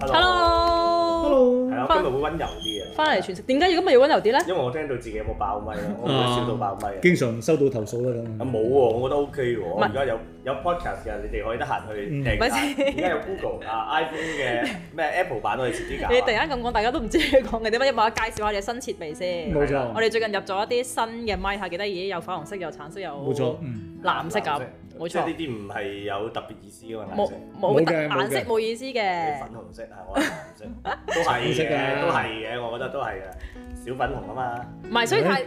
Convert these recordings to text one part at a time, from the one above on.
hello，hello 係啊，今日會溫柔啲嘅，翻嚟全食。點解要今日要溫柔啲咧？因為我聽到自己有冇爆咪啊，我會笑到爆咪。經常收到投訴啊，咁啊冇喎，我覺得 OK 喎。我而家有有 podcast 嘅，你哋可以得閒去訂下。而家有 Google 啊、iPhone 嘅咩 Apple 版可以設置下。你突然間咁講，大家都唔知你講嘅點解。一唔係介紹下你哋新設備先。冇錯。我哋最近入咗一啲新嘅咪，係幾得意，有粉紅色、有橙色、有冇錯？嗯，藍色咁。即係呢啲唔係有特別意思嘅顏色，冇嘅顏色冇意思嘅。粉紅色係我嘅顏色， 都係嘅， 都係嘅， 我覺得都係嘅，小粉紅啊嘛。唔係，所以睇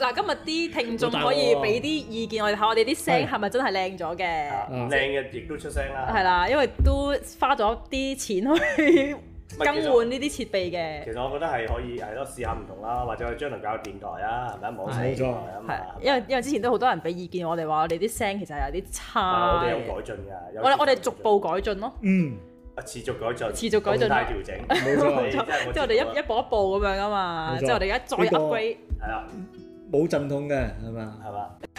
嗱， 今日啲聽眾可以俾啲意見，我哋睇我哋啲聲係咪真係靚咗嘅？靚嘅亦都出聲啦。係啦， 因為都花咗啲錢去更換呢啲設備嘅，其實我覺得係可以係咯，試下唔同啦，或者將嚟搞個電台啊，係咪？冇錯，冇錯，係啊。因為因為之前都好多人俾意見，我哋話我哋啲聲其實有啲差。我哋有改進㗎，我哋我哋逐步改進咯。嗯，啊持續改進，持續改進，大調整。冇錯，冇錯。即係我哋一一步一步咁樣噶嘛。冇錯。即係。我哋而家再 upgrade。係啊。冇陣痛嘅係嘛？係嘛？呆咗好啦， 今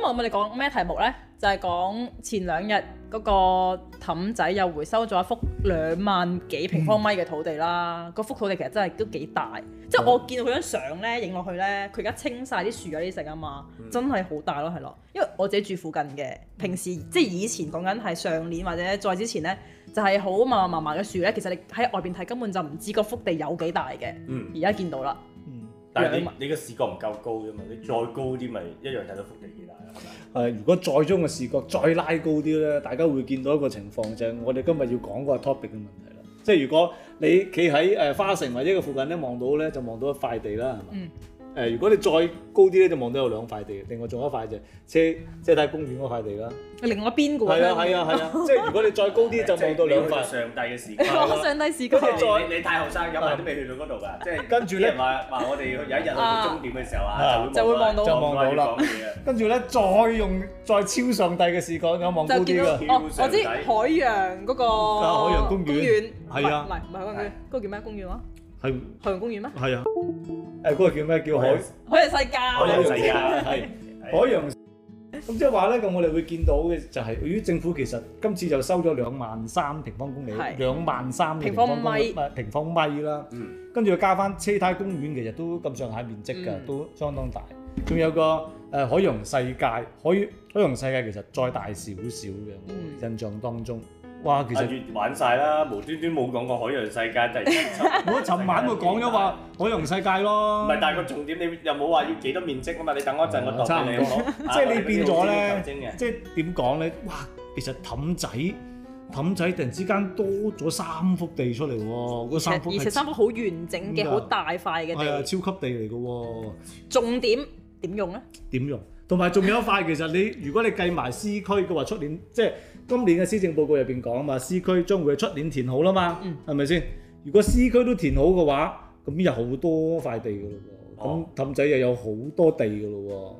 日我哋講咩題目呢？就係、是、講前兩日嗰、那個氹仔又回收咗一幅兩萬幾平方米嘅土地啦。嗯、個幅土地其實真係都幾大，嗯、即係我見到佢張相呢，影落去呢，佢而家清晒啲樹嗰啲剩啊嘛，真係好大咯，係咯。因為我自己住附近嘅，平時即係以前講緊係上年或者再之前呢，就係好密密麻麻嘅樹呢。其實你喺外邊睇根本就唔知個幅地有幾大嘅。而家、嗯、見到啦。但係你、嗯、你個視覺唔夠高啫嘛，你再高啲咪一樣睇到幅地越大啦，係嘛？誒，如果再將個視覺再拉高啲咧，大家會見到一個情況就係、是，我哋今日要講個 topic 嘅問題啦。即係如果你企喺誒花城或者個附近咧，望到咧就望到一塊地啦，係嘛？嗯誒，如果你再高啲咧，就望到有兩塊地，另外仲有一塊就車車胎公園嗰塊地啦。係另外一邊嘅喎。係啊係啊係啊，即係如果你再高啲，就望到兩塊上帝嘅視角啦。上帝視角再，你你太後生，有排都未去到嗰度㗎，即係啲人話話我哋有一日去到終點嘅時候啊，就會望到就望到啦。跟住咧，再用再超上帝嘅視角咁望高啲㗎。就見到超上帝。我知海洋嗰個海洋公園，係啊，唔係唔係嗰個，嗰個叫咩公園話？係海洋公園咩？係啊，誒嗰個叫咩？叫海海洋世界，海洋世界係海洋。咁即係話咧，咁我哋會見到嘅就係，咦？政府其實今次就收咗兩萬三平方公里，兩萬三平方公平方米啦。嗯，跟住又加翻車胎公園，其實都咁上下面積㗎，都相當大。仲有個誒海洋世界，海海洋世界其實再大少少嘅，我印象當中。哇！其實越、啊、玩晒啦，無端端冇講過海洋世界，突然間我尋晚咪講咗話海洋世界咯。唔係，但係個重點你又冇話要幾多面積啊嘛？你等我一陣，我讀俾你聽、嗯差唔多、即係你變咗咧， 即係點講咧？哇！其實氹仔，氹仔突然之間多咗三幅地出嚟喎。其而且三幅好完整嘅好大塊嘅地，係啊、哎，超級地嚟嘅喎。重點點用咧？點用？同埋仲有一塊，其實你如果你計埋 C 區嘅話，出年即係。今年嘅施政報告入邊講啊嘛，C 區將會出年填好啦嘛，係咪先？如果 C 區都填好嘅話，咁又好多塊地嘅喎，咁氹仔又有好多地嘅咯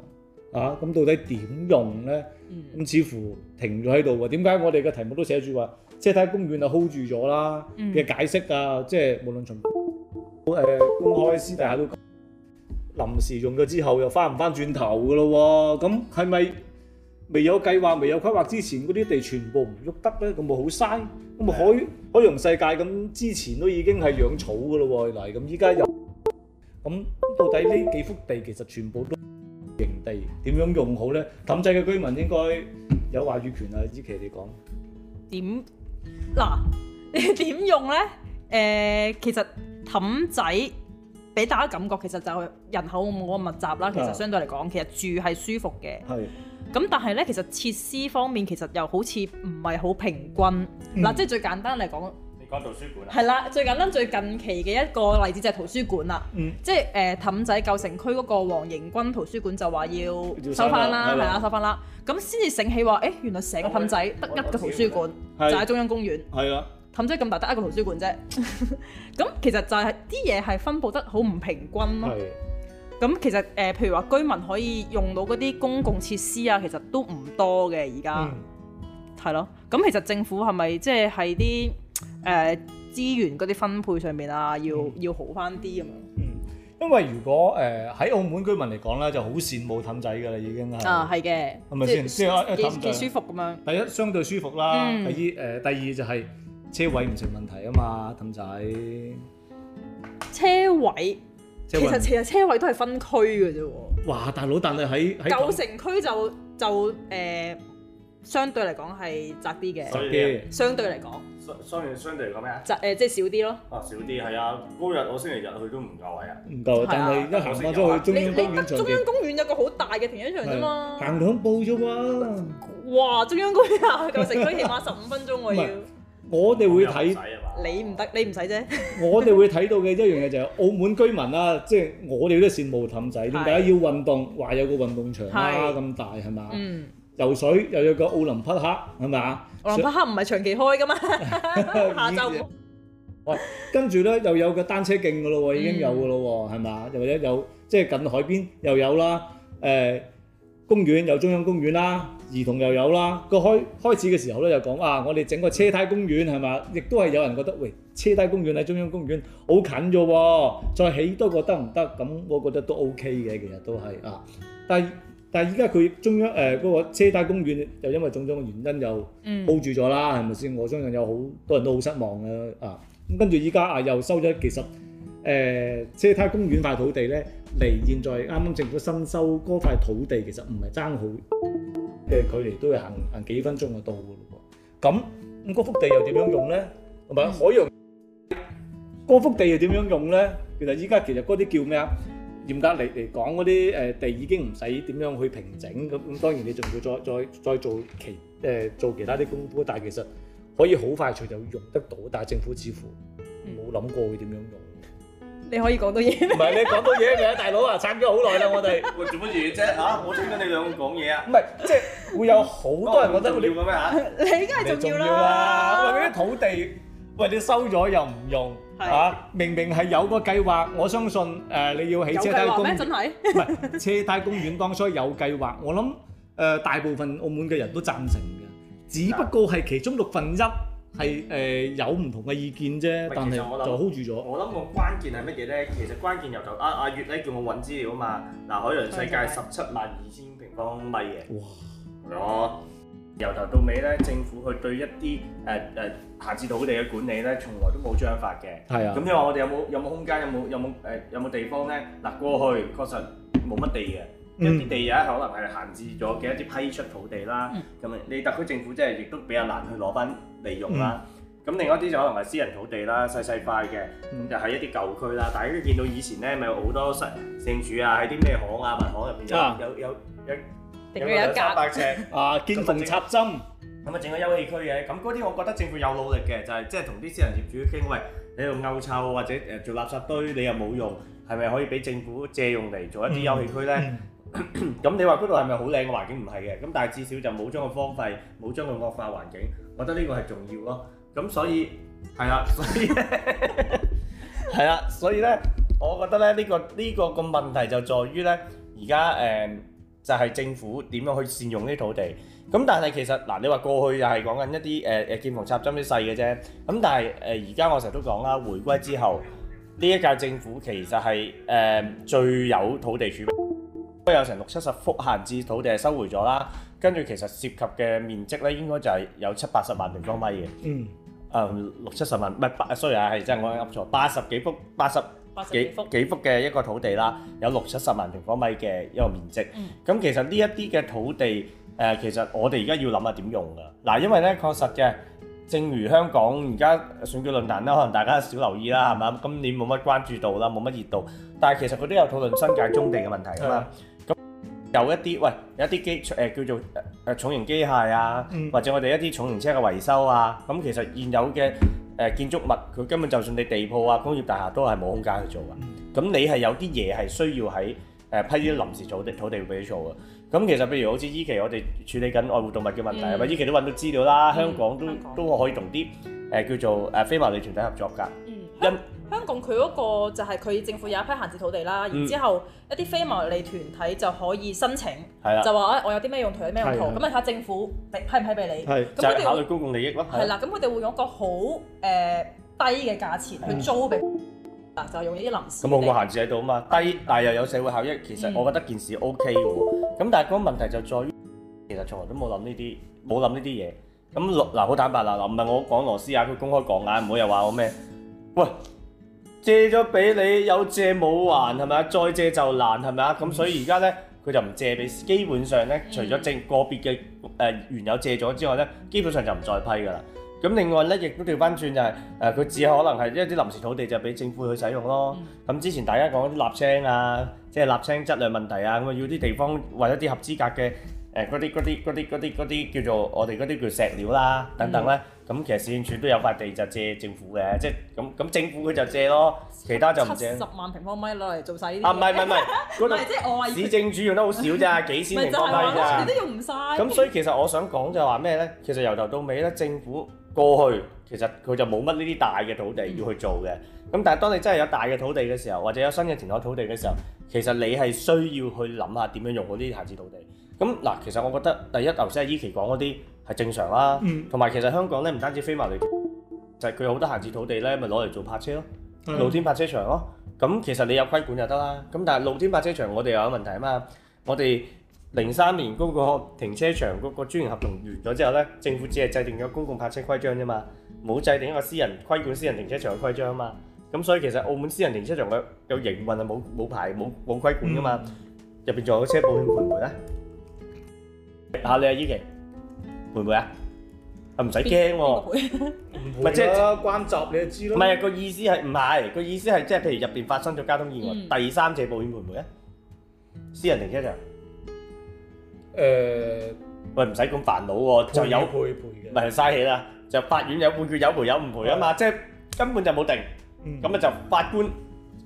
喎，啊，咁到底點用咧？咁、嗯嗯嗯嗯、似乎停咗喺度喎，點解我哋嘅題目都寫住話，即係車胎公園啊 hold 住咗啦嘅、嗯、解釋啊，即係無論從誒公開、私底下都臨時用咗之後又回回，又翻唔翻轉頭嘅咯喎，咁係咪？未有計劃、未有規劃之前，嗰啲地全部唔喐得咧，咁咪好嘥。咁海 Yeah. 海洋世界咁之前都已經係養草噶咯喎，嗱，咁依家又咁到底呢幾幅地其實全部都營地，點樣用好咧？氹仔嘅居民應該有話語權啊！以期你講點嗱？你點用咧？誒、呃，其實氹仔俾大家感覺其實就係人口冇咁密集啦，其實相對嚟講，Yeah. 其實住係舒服嘅。咁但係咧，其實設施方面其實又好似唔係好平均。嗱、嗯啊，即係最簡單嚟講，你講圖書館啦、啊，係啦，最簡單最近期嘅一個例子就係圖書館啦。嗯、即係氹、呃、仔舊城區嗰個黃營均圖書館就話要收翻啦，係啦，收翻啦。咁先至醒起話，誒、欸、原來成個氹仔得一個圖書館喂，就喺中央公園。係啊，氹仔咁大得一個圖書館啫。咁、 嗯、其實就係啲嘢係分布得好唔平均咯。咁其實誒、呃，譬如話居民可以用到嗰啲公共設施啊，其實都唔多嘅而家，係咯。咁、嗯、其實政府係咪即係喺啲誒資源嗰啲分配上面啊，要、嗯、要好翻啲咁樣？嗯，因為如果誒喺、呃、澳門居民嚟講咧，就好羨慕氹仔噶啦，已經啊，係嘅，係咪先？即係氹，幾舒服咁樣。第一，相對舒服啦。嗯、第二誒、呃，第二就係車位唔成問題啊嘛，氹仔車位。其實其實車位都係分區嘅啫喎。哇，大佬，但係喺喺舊城區就就誒、呃，相對嚟講係窄啲嘅，所以相對嚟講相相相對嚟講咩啊？窄誒、呃，即係少啲咯。啊，少啲係啊！嗰日我星期日去都唔夠位啊，唔夠，但係因為我星期日去中你得中央公園有個好大嘅停車場啫嘛，行兩步啫喎、啊。哇！中央公園啊，舊城區起碼十五分鐘我要。 我哋會睇，你唔得，你唔使啫。我哋會睇到嘅一樣嘢就係澳門居民啦，即係我哋都羨慕氹仔，點解要運動？話有個運動場啦咁大係嘛？嗯，游水又有個奧林匹克係咪？奧林匹克唔係長期開噶嘛？下晝。喂，跟住咧又有個單車徑噶咯喎，已經有噶咯喎，係咪？又或者有即係近海邊又有啦，誒，公園有中央公園啦。兒童又有啦，個開開始嘅時候咧就講啊，我哋整個車胎公園係咪？亦都係有人覺得喂，車胎公園喺中央公園好近咗喎，再起多個得唔得？咁我覺得都 O K 嘅，其實都係啊。但係但係依家佢中央誒嗰、呃那個車胎公園又因為種種嘅原因又 hold 住咗啦，係咪先？我相信有好多人都好失望嘅啊。咁跟住依家啊又收咗其實。誒，車胎、呃、公園塊土地咧，離現在啱啱政府新收嗰塊土地，其實唔係爭好嘅距離都會，都要行行幾分鐘就到嘅咯。咁，咁嗰幅地又點樣用咧？唔係 海洋嗰幅地又點樣用咧？其實依家其實嗰啲叫咩啊？嚴格嚟嚟講，嗰啲誒地已經唔使點樣去平整咁、嗯。當然你仲要再再再做其誒、呃、做其他啲功夫，但係其實可以好快脆就用得到。但係政府似乎冇諗過會點樣用。 你可以講多嘢。唔係你講多嘢嘅，大佬啊，撐咗好耐啦，我哋。我做乜嘢啫？嚇，我聽緊你兩個講嘢啊。唔係，即係會有好多人覺得好重要嘅咩？嚇，你梗係重要啦。為嗰啲土地，喂，你收咗又唔用，嚇，明明係有個計劃，我相信誒，你要起車胎公園。有計劃咩？真係。唔係車胎公園當初有計劃，我諗誒大部分澳門嘅人都贊成嘅，只不過係其中六分一。係誒、呃、有唔同嘅意見啫，但係我就 hold 住咗。我諗個關鍵係乜嘢咧？其實關鍵由頭，阿、啊、阿、啊、月咧叫我揾資料啊嘛。嗱、啊，海洋世界十七萬二千平方米嘅。哇！係咯、哦，由頭到尾咧，政府去對一啲誒誒閒置土地嘅管理咧，從來都冇章法嘅。係啊。咁你話我哋有冇有冇空間？有冇有冇誒有冇、呃、地方咧？嗱、啊，過去確實冇乜地嘅，一啲、嗯、地啊可能係閒置咗嘅一啲批出土地啦。咁、嗯、你特區政府即係亦都比較難去攞返。利用啦，咁、嗯、另外一啲就可能係私人土地啦，細細塊嘅，咁就喺一啲舊區啦。大家見到以前咧，咪有好多私業主啊喺啲咩行啊、民行入邊、啊，有有有有有三百尺啊，見縫、啊、插針，咁咪整個休憩區嘅？咁嗰啲我覺得政府有努力嘅，就係即係同啲私人業主傾，喂，你度勾臭或者誒做垃圾堆，你又冇用，係咪可以俾政府借用嚟做一啲休憩區咧？咁、嗯嗯、 你話嗰度係咪好靚嘅環境？唔係嘅，咁但係至少就冇將佢荒廢，冇將佢惡化環境。覺 我覺得呢、呢個係重要咯，咁所以係啦，所以咧係啦，所以咧，我覺得咧呢個呢個個問題就在於咧，而家誒就係、是、政府點樣去善用呢啲土地。咁但係其實嗱、呃，你話過去又係講緊一啲誒誒見縫插針啲細嘅啫。咁但係誒而家我成日都講啦，回歸之後呢一屆政府其實係誒、呃、最有土地儲。都有成六七十幅閒置土地係收回咗啦，跟住其實涉及嘅面積咧，應該就係有七八十萬平方米嘅。嗯。誒，六七十萬唔係八，雖然係即係我噏錯，八十幾幅，八十幾幾幅嘅一個土地啦，有六七十萬平方米嘅一個面積。嗯。咁其實呢一啲嘅土地誒，其實我哋而家要諗下點用㗎？嗱，因為咧確實嘅，正如香港而家選舉論壇啦，可能大家少留意啦，係咪？今年冇乜關注度啦，冇乜熱度。但係其實佢都有討論新界中地嘅問題㗎嘛。有一啲喂，有一啲機誒叫做誒重型機械啊，嗯、或者我哋一啲重型車嘅維修啊，咁其實現有嘅誒、呃、建築物，佢根本就算你地鋪啊、工業大廈都係冇空間去做嘅。咁、嗯、你係有啲嘢係需要喺誒、呃、批啲臨時土地土地會俾你做嘅。咁其實譬如好似依期我哋處理緊愛護動物嘅問題，係咪依期都搵到資料啦。嗯、香港都、嗯、都可以同啲誒叫做誒非牟利團體合作噶。一、嗯嗯香港佢嗰個就係佢政府有一批閒置土地啦，然之後一啲非牟利團體就可以申請，了就話誒我有啲咩用途，有咩用途，咁啊睇下政府批批唔批俾你。係就的的考慮公共利益咯。係啦對，咁佢哋會用一個好誒低嘅價錢去租俾，嗱的就用啲臨時。咁我個閒置喺度啊嘛，低但係又有社會效益，其實我覺得件事 OK 嘅喎。咁但係嗰個問題就在於，其實從來都冇諗呢啲，冇諗呢啲嘢。咁螺嗱好坦白啦嗱，唔係我講螺絲啊，佢公開講啊，唔好又話我咩喂。借咗俾你有借冇還係咪啊？再借就難係咪啊？咁所以而家咧，佢就唔借俾，基本上咧，除咗正個別嘅誒原有借咗之外咧，基本上就唔再批㗎啦。咁另外咧，亦都調翻轉就係、是、誒，佢只可能係一啲臨時土地就俾政府去使用咯。咁之前大家講啲瀝青啊，即係瀝青質量問題啊，咁啊要啲地方或者啲合資格嘅。誒嗰啲啲啲啲啲叫做我哋嗰啲叫石料啦，等等咧。咁、嗯、其實市政署都有塊地就借政府嘅，即係咁咁政府佢就借咯，其他就唔借。十萬平方米攞嚟做曬呢啲啊？唔係唔係唔係，即係 是市政署用得好少咋、 就是，幾千平方米咋，都用唔晒。咁、就是、 所以其實我想講就話咩咧？其實由頭到尾咧，政府過去其實佢就冇乜呢啲大嘅土地要去做嘅。咁、嗯、但係當你真係有大嘅土地嘅時候，或者有新嘅填海土地嘅時候，其實你係需要去諗下點樣用好啲閒置土地。咁嗱，其實我覺得第一頭先阿依琪講嗰啲係正常啦，同埋、嗯、其實香港咧唔單止飛馬嚟，就係佢有好多閒置土地咧，咪攞嚟做泊車咯，嗯、露天泊車場咯、啊。咁其實你有規管就得啦。咁但係露天泊車場我哋又有問題啊嘛。我哋零三年嗰個停車場嗰個專營合同完咗之後咧，政府只係制定咗公共泊車規章啫嘛，冇制定一個私人規管私人停車場嘅規章啊嘛。咁所以其實澳門私人停車場嘅有，有營運係冇冇牌冇冇規管噶嘛，入邊仲有車保險盤㗎。吓你啊，依琪賠唔賠啊？啊唔使驚喎，唔賠，咪即係關閘你就知咯。唔係個意思係唔係個意思係，即係譬如入邊發生咗交通意外，第三者保險賠唔賠啊？私人停車場誒，喂唔使咁煩惱喎，就有賠賠嘅，唔係嘥氣啦。就法院有判決有賠有唔賠啊嘛，即係根本就冇定，咁啊就法官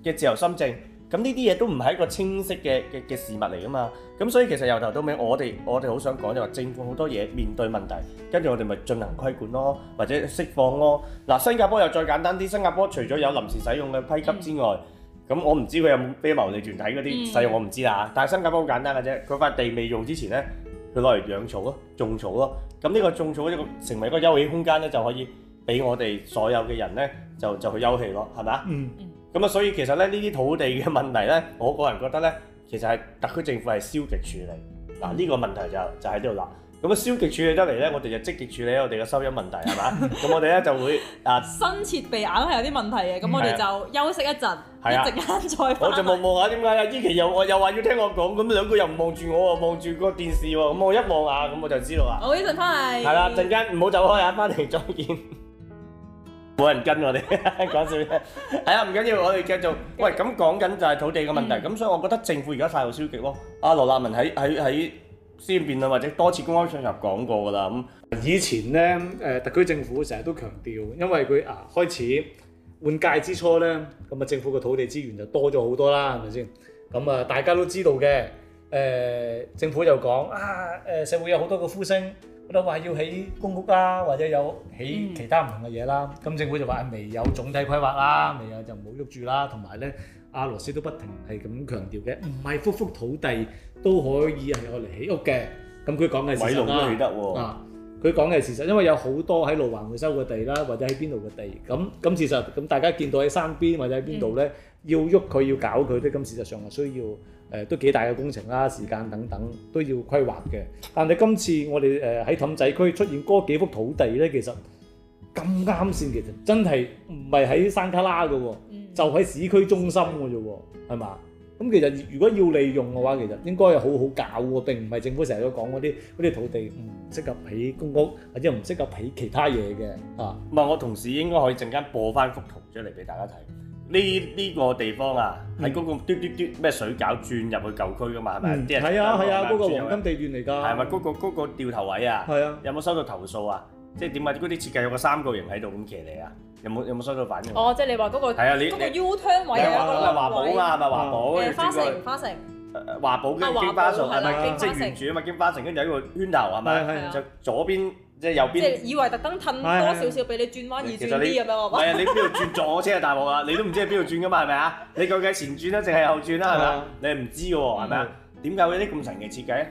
嘅自由心證。咁呢啲嘢都唔係一個清晰嘅嘅嘅事物嚟噶嘛？咁所以其實由頭到尾我，我哋我哋好想講就話政府好多嘢面對問題，跟住我哋咪進行規管咯，或者釋放咯。嗱，新加坡又再簡單啲，新加坡除咗有臨時使用嘅批給之外，咁我唔知佢有冇非牟利團體嗰啲使用，我唔知啦。但係新加坡好簡單嘅啫，佢塊地未用之前呢，佢攞嚟養草咯，種草咯。咁呢個種草成為一個休息空間呢，就可以俾我哋所有嘅人呢，就就去休息咯，係咪啊？嗯。嗯嗯嗯。咁啊，所以其實咧，呢啲土地嘅問題咧，我個人覺得咧，其實係特區政府係消極處理。嗱、啊，呢、呢個問題就就喺呢度啦。咁啊，消極處理得嚟咧，我哋就積極處理我哋嘅收音問題，係嘛？咁 我哋咧就會啊，新設備硬係有啲問題嘅，咁我哋就休息一陣，啊、一陣再翻嚟、啊。我就望望下點解啊？依期又又話要聽我講，咁兩個又唔望住我喎，望住個電視喎，咁我一望下，咁我就知道 啊。我依陣翻嚟。係啦，陣間唔好走開啊，翻嚟再見。冇人跟我哋講笑啫，係啊，唔緊要，我哋繼續。喂，咁講緊就係土地嘅問題，咁、嗯、所以我覺得政府而家態度消極咯。阿、啊、羅立文喺喺喺先邊啊，或者多次公開場合講過噶啦。咁以前咧，誒特區政府成日都強調，因為佢啊開始換屆之初咧，咁啊政府嘅土地資源就多咗好多啦，係咪先？咁啊大家都知道嘅，誒、呃、政府就講啊，誒社會有好多嘅呼聲。都話要起公屋啦，或者有起其他唔同嘅嘢啦。咁政府就話未有總體規劃啦，未有就唔好喐住啦。同埋咧，阿羅斯都不停係咁強調嘅，唔係幅幅土地都可以係我嚟起屋嘅。咁佢講嘅事實啦，啊，佢講嘅係事實，因為有好多喺路環回收嘅地啦，或者喺邊度嘅地。咁咁事實，咁大家見到喺山邊或者喺邊度咧，要喐佢要搞佢咧。咁事實上係需要。誒都幾大嘅工程啦、啊，時間等等都要規劃嘅。但係今次我哋誒喺氹仔區出現嗰幾幅土地咧，其實咁啱先，其實真係唔係喺山卡拉嘅喎，嗯、就喺市區中心嘅啫喎，係嘛？咁、嗯、其實如果要利用嘅話，其實應該係好好搞喎，並唔係政府成日都講嗰啲嗰啲土地唔適合起公屋或者唔適合起其他嘢嘅啊。唔係，我同事應該可以陣間播翻幅圖出嚟俾大家睇。呢呢個地方啊，喺嗰個嘟嘟嘟咩水餃轉入去舊區㗎嘛，係咪？係啊係啊，嗰個黃金地段嚟㗎。係咪嗰個嗰個掉頭位啊？係啊。有冇收到投訴啊？即係點啊？嗰啲設計有個三角形喺度咁騎嚟啊？有冇有冇收到反應？哦，即係你話嗰個係啊？你嗰個 U turn 位啊？華寶啊嘛，華寶。花城花城。華寶跟京花城係咪即係圓轉啊嘛？京花城跟住有個圈頭係咪就左邊？即係以為特登褪多少少俾你轉彎易啲咁樣，係咪？唔係啊！你邊度轉？撞我車啊？大鑊啊！你都唔知喺邊度轉噶嘛？係咪啊？你究竟係前轉啦，定係後轉啦？係咪啊？你係唔知喎？係咪啊？點解會啲咁神奇設計？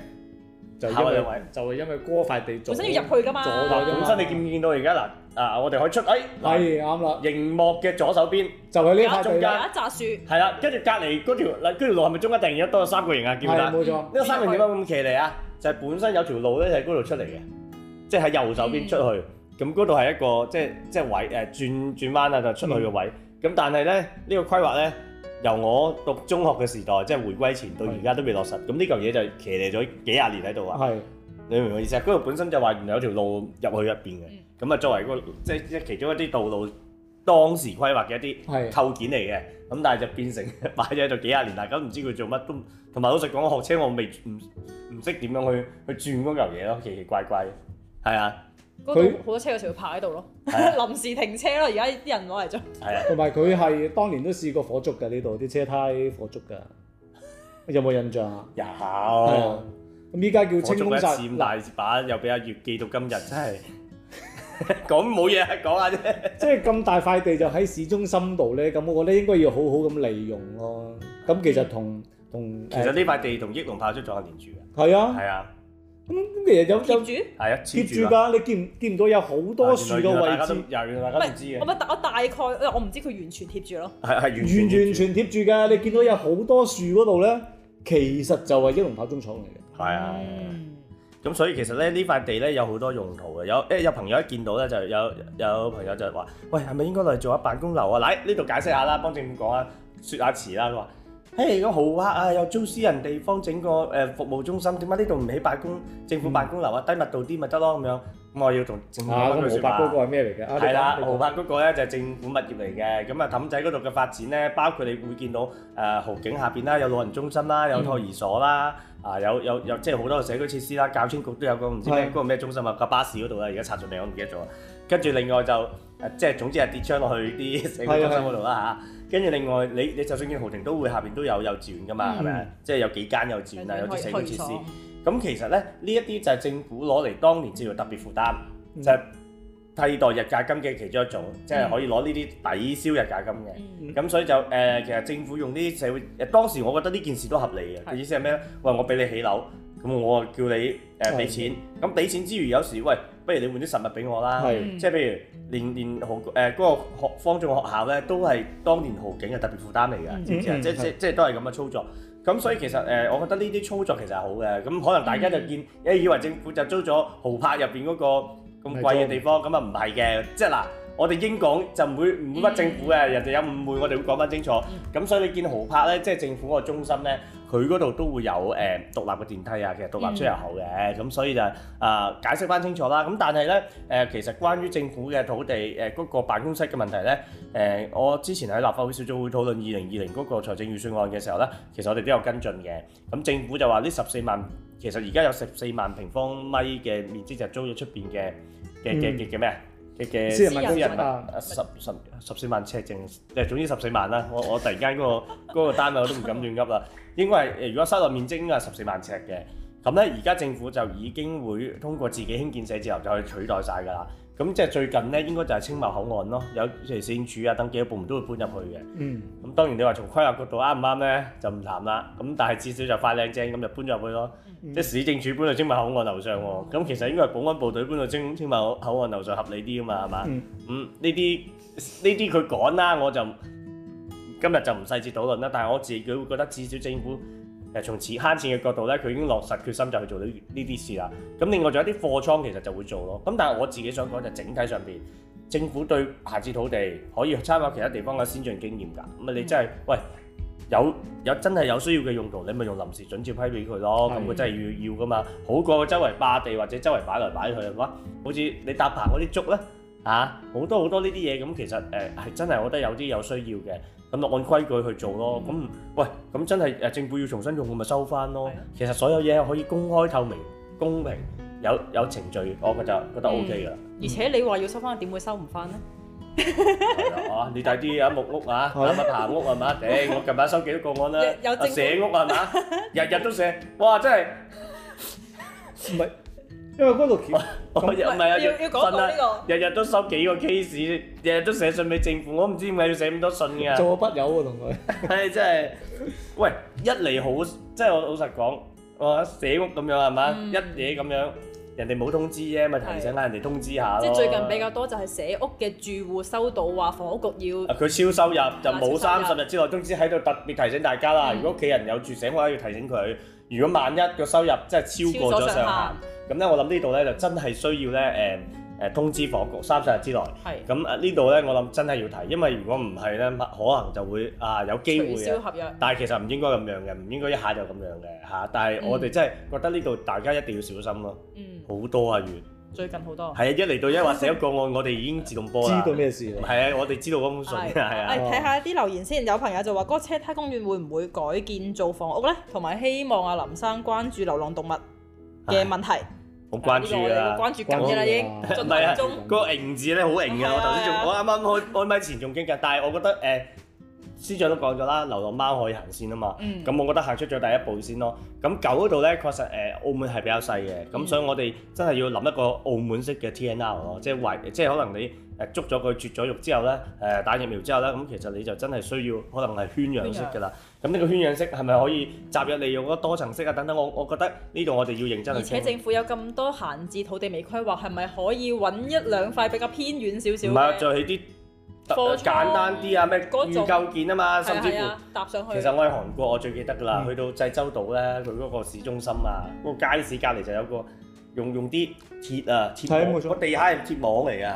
就因為就係因為嗰塊地本身要入去噶嘛。左本身你見唔見到而家嗱啊？我哋可以出哎，例如啱啦！熒幕嘅左手邊就喺呢塊地，一紮樹係啦。跟住隔離嗰條嗱，嗰條路係咪中間突然間多咗三個形啊？見唔見啊？冇錯，呢個三個形點解咁騎呢啊？就係本身有條路咧，就喺嗰度出嚟嘅。即係喺右手邊出去，咁嗰度係一個即係即係位誒、呃、轉轉彎啊，就出去嘅位。咁、嗯、但係咧，呢、呢個規劃咧，由我讀中學嘅時代，即係回歸前到而家都未落實。咁呢嚿嘢就騎呢咗幾廿年喺度啊。係是你明唔明我意思啊？嗰度本身就話原來有條路入去入邊嘅。咁啊是，作為個即係即係其中一啲道路當時規劃嘅一啲構件嚟嘅。咁是但係就變成擺咗喺度幾廿年啦。咁唔知佢做乜都同埋老實講，我學車我未唔唔識點樣去去轉嗰嚿嘢咯，奇奇怪怪，怪。係啊，佢好多車嗰時會泊喺度咯，臨時停車咯。而家啲人攞嚟做，係啊。同埋佢係當年都試過火燭嘅呢度，啲車胎火燭噶，有冇印象啊？有。咁依家叫清拆，火燭一次咁大把，又俾阿月記到今日，真係講冇嘢啊，講下啫。即係咁大塊地就喺市中心度咧，咁我覺得應該要好好咁利用咯。咁其實同同，其實呢塊地同益隆炮竹廠連住嘅，係啊，係啊。咁其實有貼住，係啊貼住㗎，住你見唔見到有好多樹嘅位置，唔係，我咪我大概，我唔知佢完全貼住咯，係係完完完全貼住㗎，你見到有好多樹嗰度咧，其實就係益隆炮竹廠嚟嘅，係啊，咁、啊啊嗯、所以其實咧呢塊地咧有好多用途嘅，有誒有朋友一見到咧就有有朋友就話，喂係咪應該嚟做下辦公樓啊？嗱呢度解釋下啦，幫政府講啊，説下詞啦，係嘛？嘿，hey，個豪華啊，又租私人地方整個誒、呃、服務中心，點解呢度唔起辦公政府辦公樓啊？嗯、低密度啲咪得咯咁樣。咁我要同政府講句説話。豪華嗰個係咩嚟嘅？係啦，豪華嗰個咧就係政府物業嚟嘅。咁啊，氹仔嗰度嘅發展咧，包括你會見到誒、呃、豪景下邊啦，有老人中心啦，有托兒所啦，嗯、啊有有有，有即係好多社區設施啦，教青局都有個唔知咩嗰個咩中心啊，個巴士嗰度啦，而家拆咗未？我唔記得咗。跟住另外就。即係總之係跌咗落去啲社會中心嗰度啦嚇，跟住對、啊、另外你你就算見豪庭都會下邊都有幼稚園噶嘛，係咪啊？即係有幾間幼稚園啊，嗯、有啲社會設施。咁、嗯、其實咧呢一啲就係政府攞嚟當年照顧特別負擔，嗯、就替代日價金嘅其中一種，即係、嗯、可以攞呢啲抵消日價金嘅。咁、嗯、所以就誒、呃、其實政府用呢啲社會，當時我覺得呢件事都合理嘅。嘅是的 意思係咩咧？喂，我俾你起樓，咁我叫你誒俾、呃、錢，咁俾的錢之餘有時喂。不如你換啲實物俾我啦，是即係譬如連連豪誒嗰個坊眾學校咧，都係當年豪景嘅特別負擔嚟嘅，知唔知啊？嗯、即即即都係咁嘅操作。咁所以其實誒、呃，我覺得呢啲操作其實係好嘅。咁可能大家就見誒、嗯、以為政府就租咗豪柏入邊嗰個咁貴嘅地方，咁啊，唔係嘅，即係嗱。我哋英港就唔會唔會屈政府嘅，人哋有誤會，我哋會講翻清楚。咁所以你見豪柏咧，即係政府嗰個中心咧，佢嗰度都會有誒、呃、獨立嘅電梯啊，其實獨立出入口嘅。咁所以就啊、呃、解釋翻清楚啦。咁但係咧誒，其實關於政府嘅土地誒嗰、呃那個辦公室嘅問題咧，誒、呃、我之前喺立法會小組會討論二零二零嗰個財政預算案嘅時候咧，其實我哋都有跟進嘅。咁政府就話呢十四萬，其實而家有十四萬平方米嘅面積就租咗出邊嘅嘅嘅嘅咩嘅嘅市民的人，人啊、十十十，十四萬尺淨，誒，總之十四萬啦。我我突然間嗰、那個嗰 單位我都唔敢亂噏啦。應該係如果室內面積應該係十四萬尺嘅。咁咧，而家政府就已經會通過自己興建寫字樓，就可以取代晒㗎啦。咁即係最近咧，應該就係青茂口岸咯，有地政署啊等幾個部門都會搬入去嘅。嗯。咁當然你話從規劃角度啱唔啱咧，就唔談啦。咁但係至少就快靚正咁就搬入去咯。即、嗯、市政署搬到青茂口岸樓上喎、啊，咁其實應該係保安部隊搬到青青茂口岸樓上合理啲啊嘛，係嘛？嗯，呢啲呢啲佢講啦，我就今日就唔細節討論啦。但係我自己會覺得至少政府誒從此慳錢嘅角度咧，佢已經落實決心就去做到呢啲事啦。咁另外仲有啲貨倉其實就會做咯。咁但係我自己想講就整體上邊政府對閒置土地可以參考其他地方嘅先進經驗㗎。咁啊、嗯，你真係喂？有有真係有需要嘅用途，你咪用臨時準照批俾佢咯。咁佢的真係要要噶嘛，好過周圍霸地或者周圍擺來擺去係嘛？好似你搭棚嗰啲竹咧嚇，好、啊、多好多呢啲嘢咁，其實誒係、呃、真係我覺得有啲有需要嘅，咁就按規矩去做咯。咁、嗯、喂，咁真係誒政府要重新用，我咪收翻咯。的其實所有嘢可以公開透明、公平，有有程序，我咪就覺得 O K 㗎喇。嗯、而且你話要收翻，點會收唔翻咧？係啦，嗬！你大啲啊，木屋啊，阿乜棚屋係嘛？頂！我近排收幾多個案啦，寫屋係嘛？日日都寫，哇！真係唔係，因為嗰度我日唔係啊，要要講下呢個，日日都收幾個 case，日日都寫信俾政府，我唔知點解要寫咁多信噶。做筆友啊，同佢。唉，真係，喂，一嚟好，即係我老實講，哇，寫屋咁樣係嘛，一嘢咁樣。人哋冇通知啫，咪提醒下人哋通知下咯。即係最近比較多就係社屋嘅住戶收到話，房屋局要。啊，佢超收入就冇三十日之內通知，喺度特別提醒大家啦。嗯、如果屋企人有住醒，我都要提醒佢。如果萬一個收入真係超過咗上限，咁咧我諗呢度咧就真係需要咧，誒、嗯。通知房屋局三十日之內，咁誒是呢度咧，我諗真係要提，因為如果唔係咧，可能就會啊有機會啊，合約但係其實唔應該咁樣嘅，唔應該一下就咁樣嘅嚇、啊。但係我哋、嗯、真係覺得呢度大家一定要小心咯。嗯，好多啊，原來最近好多，係啊，一嚟到一話寫一個案，嗯、我哋已經自動播啦。知道咩事？係啊，我哋知道嗰封信係啊。睇下啲留言先，有朋友就話嗰個車胎公園會唔會改建做房屋咧？同埋希望阿林生關注流浪動物嘅問題。好關注㗎啦，啊這個、關注緊㗎啦，已經唔係 啊，嗰、那個型字咧好型啊！我頭先仲我啱啱開開麥前仲驚噶，但係我覺得誒。呃司長都講咗啦，流浪貓可以行先啊嘛，咁、嗯、我覺得行出咗第一步先咯。咁狗嗰度咧，確實誒、呃，澳門係比較細嘅，咁、嗯、所以我哋真係要諗一個澳門式嘅 TNR 咯，嗯、即係圍，即係可能你誒捉咗佢絕咗育之後咧，誒、呃、打疫苗之後咧，咁其實你就真係需要可能係圈養式㗎啦。咁呢個圈養式係咪可以集約利用多層式啊？等等，我我覺得呢度我哋要認真。而且政府有咁多閒置土地未規劃，係咪可以揾一兩塊比較偏遠少少？唔係，啲、就係。多簡單啲啊，咩預構件啊嘛，種甚至乎，搭上去。其實我喺韓國我最記得㗎啦，嗯、去到濟州島咧，佢嗰個市中心啊，嗰個街市隔離就有個用用啲鐵啊，鐵網，個地下係鐵網嚟㗎，咁、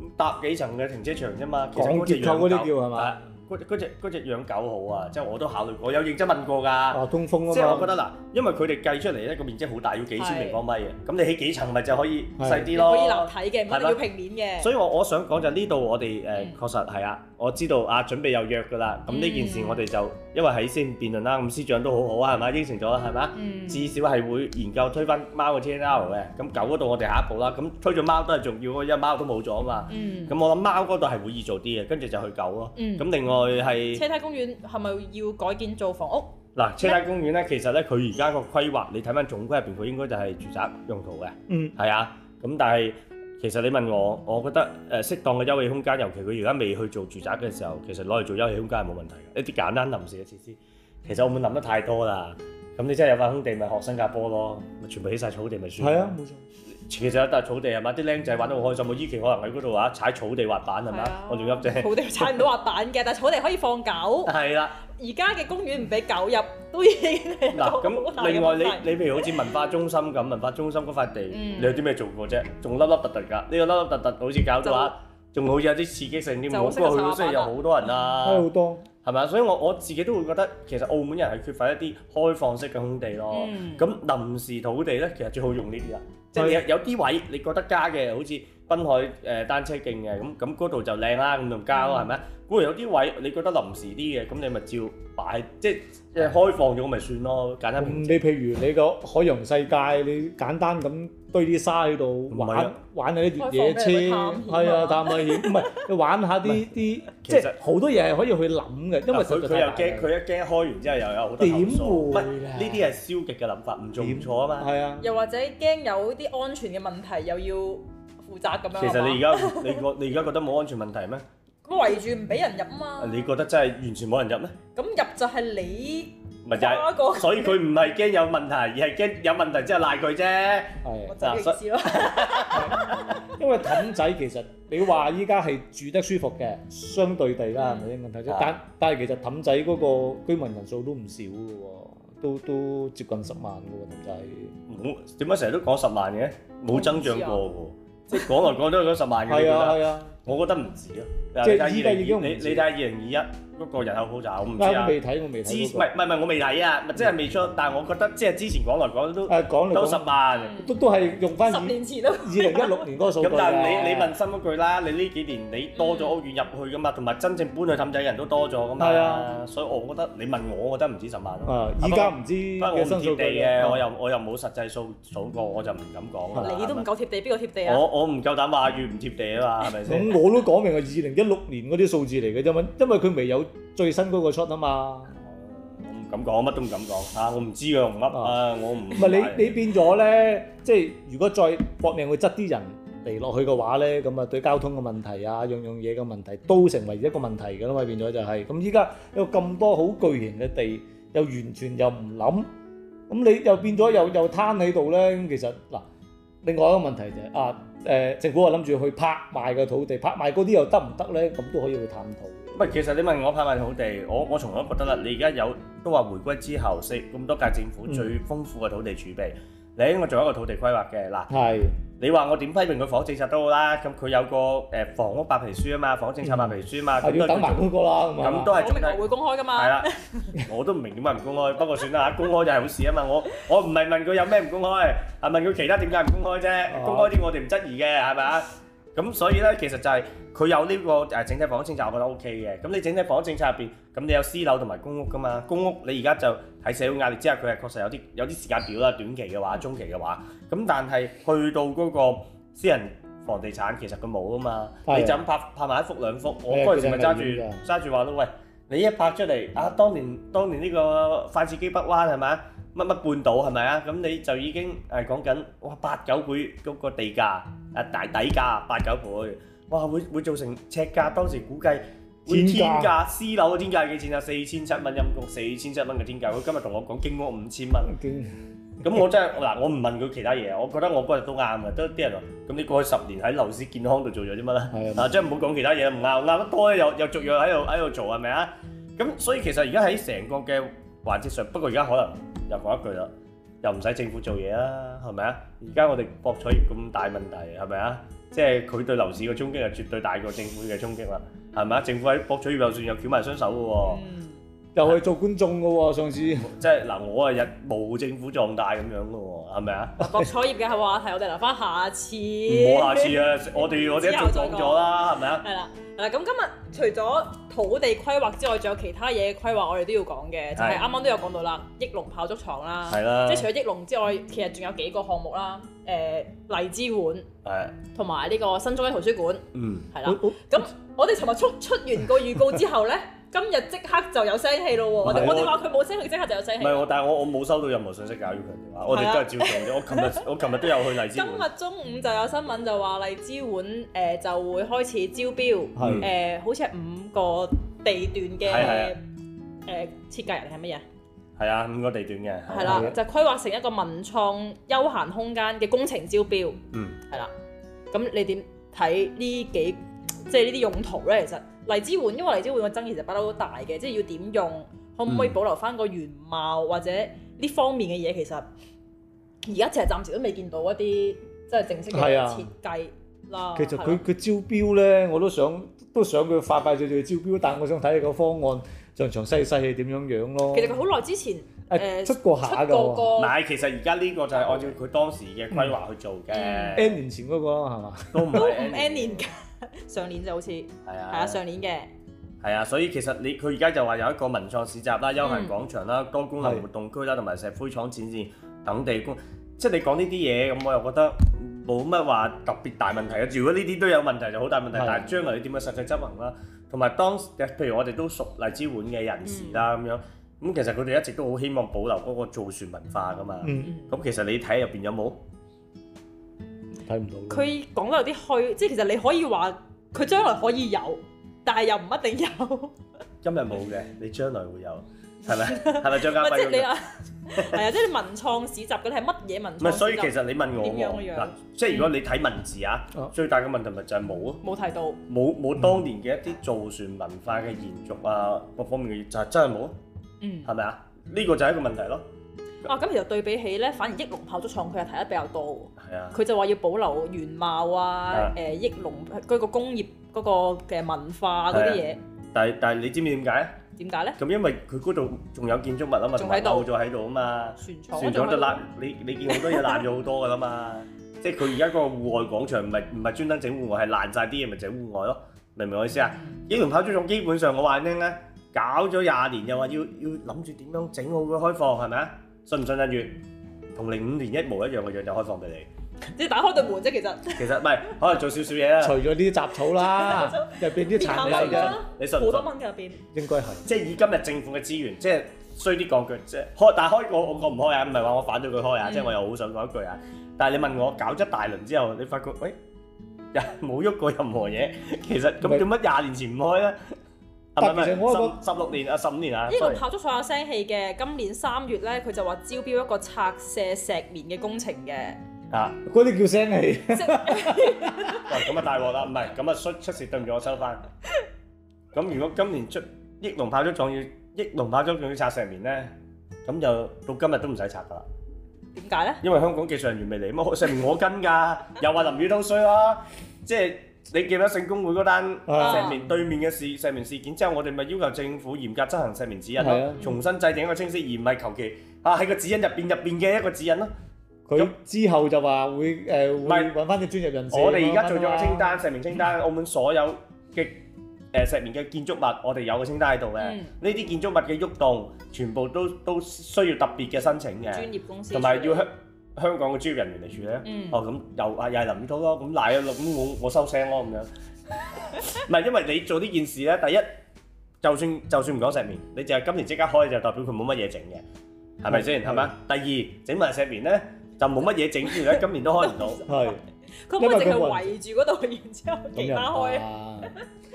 嗯、搭幾層嘅停車場啫嘛，鋼、嗯、結構嗰啲叫係嘛？嗰隻只只養狗好啊！即係我都考慮過，我有認真問過㗎。哦、啊，通風啊嘛，即係我覺得嗱，因為佢哋計出嚟咧個面積好大，要幾千平方米嘅，咁的你起幾層咪就可以細啲咯。可以立體嘅，唔係要，要平面嘅。所以我想、就是、我想講就呢度，我哋誒確實係啊。嗯我知道啊，準備又約嘅啦。咁呢件事我哋就、嗯、因為喺先辯論啦。咁司長都好好啊，係咪？應承咗係咪？嗯、至少係會研究推翻貓嘅 T N R 嘅。咁狗嗰度我哋下一步啦。咁推咗貓都係重要，因為貓都冇咗啊嘛。咁、嗯、我諗貓嗰度係會易做啲嘅，跟住就去狗咯。咁、嗯、另外係車胎公園係咪要改建做房屋？嗱，車胎公園呢，其實呢，佢而家個規劃，你睇翻總規入邊，佢應該就係住宅用途嘅。嗯，係啊。咁但係。其實你問我，我覺得誒、呃、適當嘅休息空間，尤其佢而家未去做住宅嘅時候，其實攞嚟做休息空間係冇問題嘅，一啲簡單臨時嘅設施。其實我唔會諗得太多啦。咁你真係有塊空地，咪學新加坡咯，咪全部起晒草地咪算。係啊，冇錯。其實有笪草地係嘛，啲僆仔玩得好開心喎。依期可能喺嗰度話踩草地滑板係嘛，啊、我仲噏啫。草地踩唔到滑板嘅， 但係草地可以放狗。係啦、啊，而家嘅公園唔俾狗入，都已經嗱，咁、啊、另外你你譬如好似文化中心咁，文化中心嗰塊地，你有啲咩做過啫？仲凹凹凸凸㗎？呢、這個凹凹凸凸，凸凸好似搞咗下就，仲好似有啲刺激性啲，不過去到先有好多人啊。好多。.係咪？所以我我自己都會覺得其實澳門人係缺乏一啲開放式嘅空地咯。咁、嗯、臨時土地咧，其實最好用呢啲啦。即係 有啲位，你覺得加嘅，好似濱海誒單車徑嘅咁，咁嗰度就靚啦，咁就加咯，係咪、嗯？咁有啲位你覺得臨時啲嘅，咁你咪照擺，即係即係開放咗咪算咯，的簡單。嗯，你譬如你個海洋世界，你簡單咁。堆啲沙喺度玩，玩下啲越野車，係啊，但危險，唔係你玩下啲啲，其實好多嘢係可以去諗嘅，因為佢佢又驚，佢一驚開完之後又有好多唔妥，呢啲係消極嘅諗法，唔做唔錯啊嘛，係啊，又或者驚有啲安全嘅問題又要負責咁樣。其實你而家你覺你而家覺得冇安全問題咩？咁圍住唔俾人入啊嘛！你覺得真係完全冇人入咩？咁入就係你。咪就係，所以佢唔係驚有問題，而係驚有問題之後賴佢啫。係，我就係咁意思咯。因為氹仔其實你話依家係住得舒服嘅，相對地啦，係咪先問題啫？但但係其實氹仔嗰個居民人數都唔少嘅喎，都都接近十萬嘅喎氹仔。冇點解成日都講十萬嘅？冇增長過嘅喎，即係講嚟講都係講十萬嘅。係啊係啊，我覺得唔止呀。即係二零二，你你睇下二零二一。嗰個人口普查我唔知啊，未睇我未知，唔係唔係我未睇啊，咪即係未出，但係我覺得即係之前講來講都都十萬，都都係用翻十年前咯，二零一六年嗰個數字啦。咁但係你你問新嗰句啦，你呢幾年你多咗屋苑入去噶嘛，同埋真正搬去氹仔嘅人都多咗噶嘛，係啊，所以我覺得你問我，我覺得唔止十萬咯。啊，依家唔知，不我唔貼地嘅，我又我又冇實際數數過，我就唔敢講。你都唔夠貼地，邊個貼地啊？我我唔夠膽話越唔貼地啊嘛，係咪先？咁我都講明係二零一六年嗰啲數字嚟嘅啫嘛，因為佢未有。最新嗰個出啊嘛，我唔敢講，乜都唔敢講嚇，我唔知嘅，我唔噏啊，我唔咪你你變咗咧，即係如果再搏命去執啲人嚟落去嘅話咧，咁啊對交通嘅問題啊，樣樣嘢嘅問題都成為一個問題嘅啦嘛，變咗就係咁。依家有咁多好巨型嘅地，又完全又唔諗，咁你又變咗又又攤喺度咧。咁其實嗱，另外一個問題就係啊，誒政府話諗住去拍賣個土地，拍賣嗰啲又得唔得咧？咁都可以去探討。唔係，其實你問我拍賣土地，我我從來都覺得啦。你而家有都話回歸之後，食咁多屆政府最豐富嘅土地儲備，你應該做一個土地規劃嘅。嗱，你話我點批評佢房屋政策都好啦。咁佢有個誒房屋白皮書啊嘛，房屋政策白皮書啊嘛，佢都等埋公告啦。咁都係總係會公開噶嘛。係啦，我都唔明點解唔公開，不過算啦嚇，公開就係好事啊嘛。我我唔係問佢有咩唔公開，係問佢其他點解唔公開啫。公開啲我哋唔質疑嘅，係咪啊？咁所以呢，其實就係佢有呢個整體房屋政策，我覺得 O K 嘅。咁你整體房屋政策入面，咁你有私樓同埋公屋㗎嘛？公屋你而家就喺社會壓力之下，佢係確實有啲有啲時間表啦。短期嘅話，中期嘅話，咁但係去到嗰個私人房地產，其實佢冇啊嘛。的你就咁拍拍埋一幅兩幅，的我嗰陣時咪揸住揸住話咯，喂，你一拍出嚟啊，當年當年呢個筷子基北灣係嘛？乜乜半島係咪啊？咁你就已經誒講緊哇八九倍嗰個地價誒大底價八九倍哇會會造成赤價，當時估計會天價私樓嘅天價幾錢啊？四千七蚊陰公，四千七蚊嘅天價。佢今日同我講驚過五千蚊。咁我真係嗱，我唔問佢其他嘢，我覺得我嗰日都啱嘅。都啲人話咁你過去十年喺樓市健康度做咗啲乜咧？啊，即係唔好講其他嘢，唔啱啱得多咧，又又續約喺度喺度做係咪啊？咁所以其實而家喺成個嘅。環節上，不過而家可能又講一句啦，又唔使政府做嘢啦，係咪啊？而家我哋博彩業咁大問題，係咪啊？即係佢對樓市嘅衝擊係絕對大過政府嘅衝擊啦，係咪啊？政府喺博彩業就算又翹埋雙手嘅喎、啊。嗯又去做觀眾噶喎，上次即係嗱，我啊日無政府狀態咁樣咯喎，係咪啊？嗱，博彩業嘅係話題，我哋留翻下次。唔好下次啊，我哋我哋一早講咗啦，係咪啊？係啦，嗱，咁今日除咗土地規劃之外，仲有其他嘢規劃，我哋都要講嘅，就係啱啱都有講到啦，益隆炮竹廠啦，即係除咗益隆之外，其實仲有幾個項目啦，誒，荔枝碗，同埋呢個新中區圖書館，係啦，咁我哋尋日出出完個預告之後咧。今日即刻就有聲氣咯喎！是我哋話佢冇聲氣，即刻就有聲氣。唔係，但係我我冇收到任何信息解約佢電話。我哋都係照做。是的 我琴日 我琴日都有去荔枝碗。今日中午就有新聞就話荔枝碗誒就會開始招標，誒的、呃、好似係五個地段嘅誒設計人係乜嘢？係啊，五個地段嘅係啦，就規劃成一個文創休閒空間嘅工程招標。嗯，係啦。咁你點睇呢幾即係呢啲用途咧？其實？荔枝碗，因為荔枝碗個爭議其實不嬲都大嘅，即係要點用，可唔可以保留翻個原貌或者呢方面嘅嘢，其實而家其實暫時都未見到一啲即係正式嘅設計啦。其實佢佢招標咧，我都想都想佢快快脆脆招標，但係我想睇下個方案再詳細細氣點樣樣咯。其實佢好耐之前誒出過下嘅喎。唔係，其實而家呢個就係按照佢當時嘅規劃去做嘅。N 年前嗰個係嘛？都唔 N 年上年就好似，係啊，啊，啊上年嘅，係啊，所以其實你佢而家就話有一個文創市集啦、休閒廣場啦、嗯、多功能活動區啦，同埋是石灰廠展示等地公，即係你講呢啲嘢，咁我又覺得冇乜話特別大問題啊。如果呢啲都有問題就好大問題，的但係將來你點樣實際執行啦？同埋的當，譬如我哋都熟荔枝碗嘅人士啦，咁、嗯、樣咁，其實佢哋一直都好希望保留嗰個造船文化噶嘛。咁、嗯嗯、其實你睇入邊有冇？佢講得有啲虛，即係其實你可以話佢將來可以有，但係又唔一定有。今日冇嘅，你將來會有，係咪？係咪張家輝？唔係即係你啊，係啊！即係文創市集嗰啲係乜嘢文創市集？唔係，所以其實你問我，嗱，即係如果你睇文字啊，最大嘅問題咪就係冇咯，冇提到，冇冇當年嘅一啲造船文化嘅延續啊，各方面嘅嘢就係真係冇咯。嗯，係咪啊？呢個就係一個問題咯。哇！咁其實對比起咧，反而益隆炮竹廠佢又睇得比較多。佢就話要保留原貌啊，誒益隆嗰個工業嗰個嘅文化嗰啲嘢。但係但係你知唔知點解啊？點解咧？咁因為佢嗰度仲有建築物啊嘛，仲喺度喺度啊嘛。斷左斷左就爛，你你見好多嘢爛咗好多㗎啦嘛。即係佢而家個戶外廣場唔係唔係專登整戶外，係爛曬啲嘢咪整戶外咯，明唔明我意思啊？益隆炮竹廠基本上我話你聽咧，搞咗廿年又話要要諗住點樣整好佢開放係咪啊？信唔信得住？同零五年一模一樣嘅樣就開放俾你，你打開對門啫，其實。其實唔係，可能做少少嘢啦。除咗啲雜草啦，入邊啲殘嘢、啊、你信唔信？好多蚊入邊。面應該係，即係以今日政府嘅資源，即係衰啲講句，即係開。但係開我我講唔開啊？唔係話我反對佢開啊，即係、嗯、我又好想講一句啊。但係你問我搞咗大輪之後，你發覺喂，又冇喐過任何嘢，其實咁做乜廿年前唔開咧、啊？唔係唔係，十十六年啊十五年啊。呢個炮竹廠有聲氣嘅，今年三月咧，佢就話招標一個拆卸石棉嘅工程嘅。啊，嗰啲叫聲氣。喂，咁啊大鑊啦，唔係，咁啊出出事對唔住，我收翻。咁如果今年出益隆炮竹廠要益隆炮竹仲要拆石棉咧，咁就到今日都唔使拆噶啦。點解咧？因為香港技術人員未嚟，咁啊石棉我跟㗎，又話淋雨倒水啦，即係。你記得聖公會嗰單石棉對面嘅事，石棉事件之後，我哋咪要求政府嚴格執行石棉指引咯，重新制定一個清晰，而唔係求其啊，喺個指引入邊入邊嘅一個指引咯。佢之後就話會誒，唔係揾翻啲專業人士。我哋而家做咗個清單，石棉清單，澳門所有嘅誒石棉嘅建築物，我哋有個清單喺度嘅。呢啲建築物嘅喐動，全部都都需要特別嘅申請嘅，專業公司同埋要向。香港嘅專業人員嚟處理咧，哦，咁又啊，又係諗唔到咯。咁瀨咗，咁我我收聲咯咁樣，唔係因為你做呢件事咧，第一就算就算唔講石棉，你就係今年即刻開就代表佢冇乜嘢整嘅，係咪先係咪？第二整埋石棉咧，就冇乜嘢整，而家今年都開唔到，係佢唔淨係圍住嗰度，然之後其他開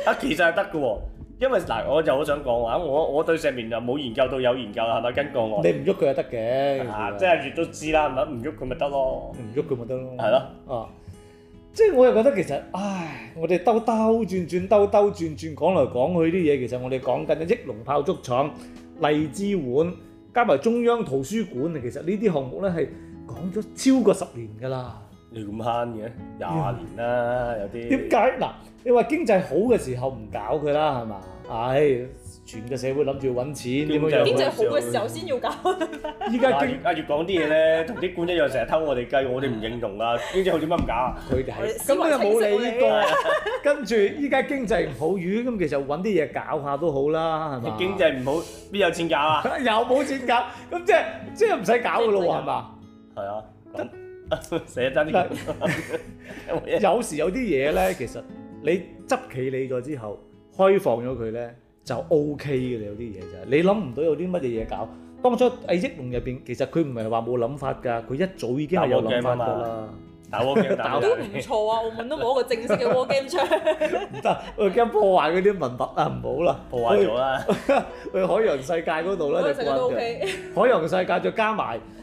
啊，其實係得嘅喎。因為嗱，我就好想講話，我我對上面就冇研究到有研究啦，係咪跟過我？你唔喐佢就得嘅，啊、即係月都知啦，唔喐佢咪得咯，唔喐佢咪得咯，係咯，啊，即係我又覺得其實，唉，我哋兜兜轉轉，兜兜轉轉講嚟講去啲嘢，其實我哋講緊益隆炮竹廠、荔枝碗，加埋中央圖書館，其實項呢啲項目咧係講咗超過十年㗎啦。你咁慳嘅廿年啦，有啲點解嗱？你話經濟好嘅時候唔搞佢啦，係嘛？唉，全個社會諗住揾錢，點解經濟好嘅時候先要搞？依家越啊越講啲嘢咧，同啲官一樣，成日偷我哋雞，我哋唔認同啊！經濟好點解唔搞啊？佢哋係咁，佢就冇理過。跟住依家經濟唔好遠，咁其實揾啲嘢搞下都好啦，係嘛？經濟唔好，邊有錢搞啊？又冇錢搞，咁即係即係唔使搞嘅咯喎，係嘛？係啊。寫真嘅，有時有啲嘢咧，其實你執企理咗之後，開放咗佢咧就 OK 嘅啦。你有啲嘢就係你諗唔到有啲乜嘢嘢搞。當初喺益隆入邊，其實佢唔係話冇諗法㗎，佢一早已經係有諗法啦。打 war game 啊，都唔錯啊。澳門都攞個正式嘅 war game 出嚟。唔得，我驚破壞嗰啲文物啊！唔好啦，破壞咗啦。去海洋世界嗰度咧就關咗。海洋世界再加埋。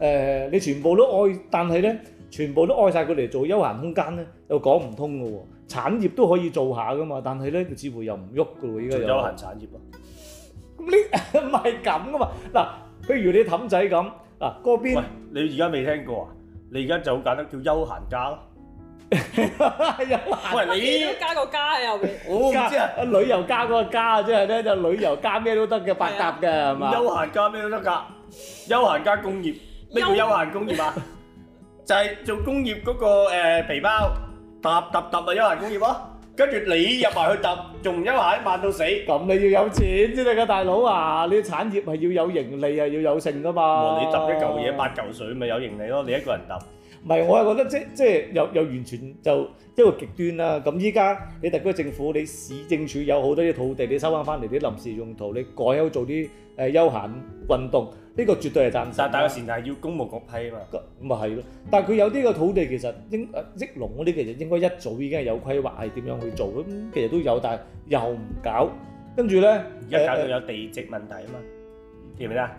誒你全部都愛，但係咧全部都愛曬佢嚟做休閒空間咧，又講唔通嘅喎。產業都可以做下噶嘛，但係咧佢只會又唔喐嘅喎。依家就休閒產業啊，咁你唔係咁嘅嘛。嗱，譬如你氹仔咁，嗱嗰邊，你而家未聽過啊？你而家就好簡單叫休閒家咯，休閒你加個家喺後面，我唔知啊，旅遊加嗰個家即係咧就旅遊加咩都得嘅百搭嘅係嘛？休閒加咩都得㗎，休閒加工業。咩叫休閒工業啊？就係做工業嗰個誒皮包揼揼揼啊，休閒工業咯，跟住你入埋去揼，仲唔休閒慢到死？咁你要有錢先得噶，大佬啊！你產業係要有盈利啊，要有剩噶嘛。唔係你揼一嚿嘢八嚿水咪有盈利咯？你一個人揼？唔係我係覺得即即又又完全就一個極端啦。咁依家你特區政府，你市政署有好多啲土地，你收翻翻嚟啲臨時用途，你改咗做啲。誒休閒運動呢個絕對係賺錢，但係個前提要公務局批啊嘛，咁咪係咯。但係佢有啲個土地其實應誒益隆嗰啲其實應該一早已經係有規劃係點樣去做咁，其實都有，但係又唔搞，跟住咧而家搞到有地籍問題啊嘛，見唔見啊？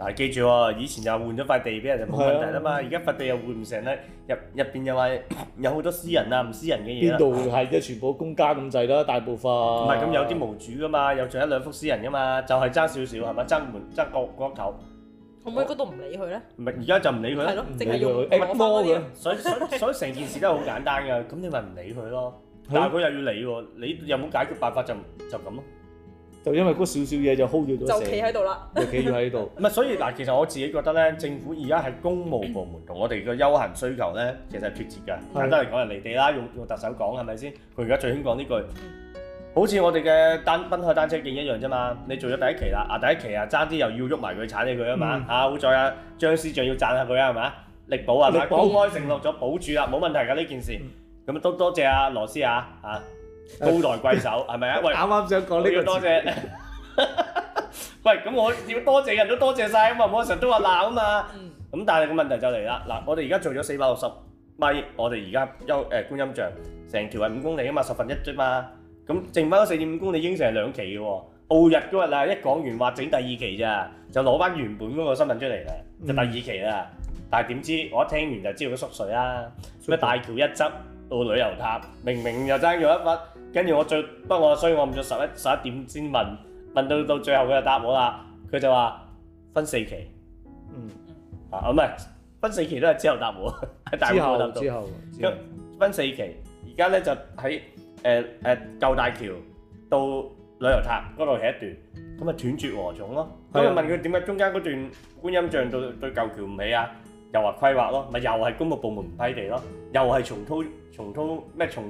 嗱，記住喎，以前又換咗塊地俾人就冇問題啦嘛，而家塊地又換唔成啦，入入邊又話有好多私人啊，唔私人嘅嘢。邊度係啫？全部公家咁滯啦，大部分。唔係，咁有啲無主噶嘛，又仲有兩幅私人噶嘛，就係爭少少係咪？爭門爭角角頭。可唔可以嗰度唔理佢咧？唔係，而家就唔理佢，唔理佢，乜都唔。所以所以所以成件事都係好簡單㗎，咁你咪唔理佢咯。但係佢又要理喎，你有冇解決辦法就就咁咯。就因為嗰少少嘢就 hold 住咗就企喺度啦，就企住喺度。唔係，所以嗱，其實我自己覺得咧，政府而家係公務部門同我哋嘅休閒需求咧，其實係脫節嘅。是的 簡單嚟講，人離地啦，用用特首講係咪先？佢而家最興講呢句，好似我哋嘅單，濱海單車徑一樣啫嘛。你做咗第一期啦，啊第一期啊爭啲又要喐埋佢，鏟死佢啊嘛。啊好彩啊，張司、啊、長要讚下佢啊嘛，力保，力保啊。公開承諾咗保住啦，冇問題嘅呢件事。咁多、嗯、多謝阿羅斯啊，啊。啊啊啊高抬貴手係咪啊？喂，啱啱想講呢個，要多謝。喂，咁我要多謝人都多謝曬啊嘛！唔好成日都話鬧啊嘛。咁但係個問題就嚟啦。嗱，我哋而家做咗四百六十米，我哋而家休誒觀音像，成條係五公里啊嘛，十分一啫嘛。咁剩翻嗰四點五公里應成兩期嘅喎。澳日嗰日啊，一講完話整第二期咋，就攞翻原本嗰個新聞出嚟咧，就第二期啦。但係點知我一聽完就知道佢縮水啦。咩大橋一側到旅遊塔，明明又爭咗一筆。跟住我最不過我，所以我唔做十一十一點先問，問到到最後佢就答我啦。佢就話分四期，嗯，啊唔係分四期都係之後答我，喺第之後之後，咁、嗯、分四期，而家咧就喺誒誒舊大橋到旅遊塔嗰度起一段，咁啊斷絕河種咯。咁就問佢點解中間嗰段觀音像對對舊橋唔起啊？又話規劃咯，咪又係工務部門唔批地咯，又係重掏重掏咩重？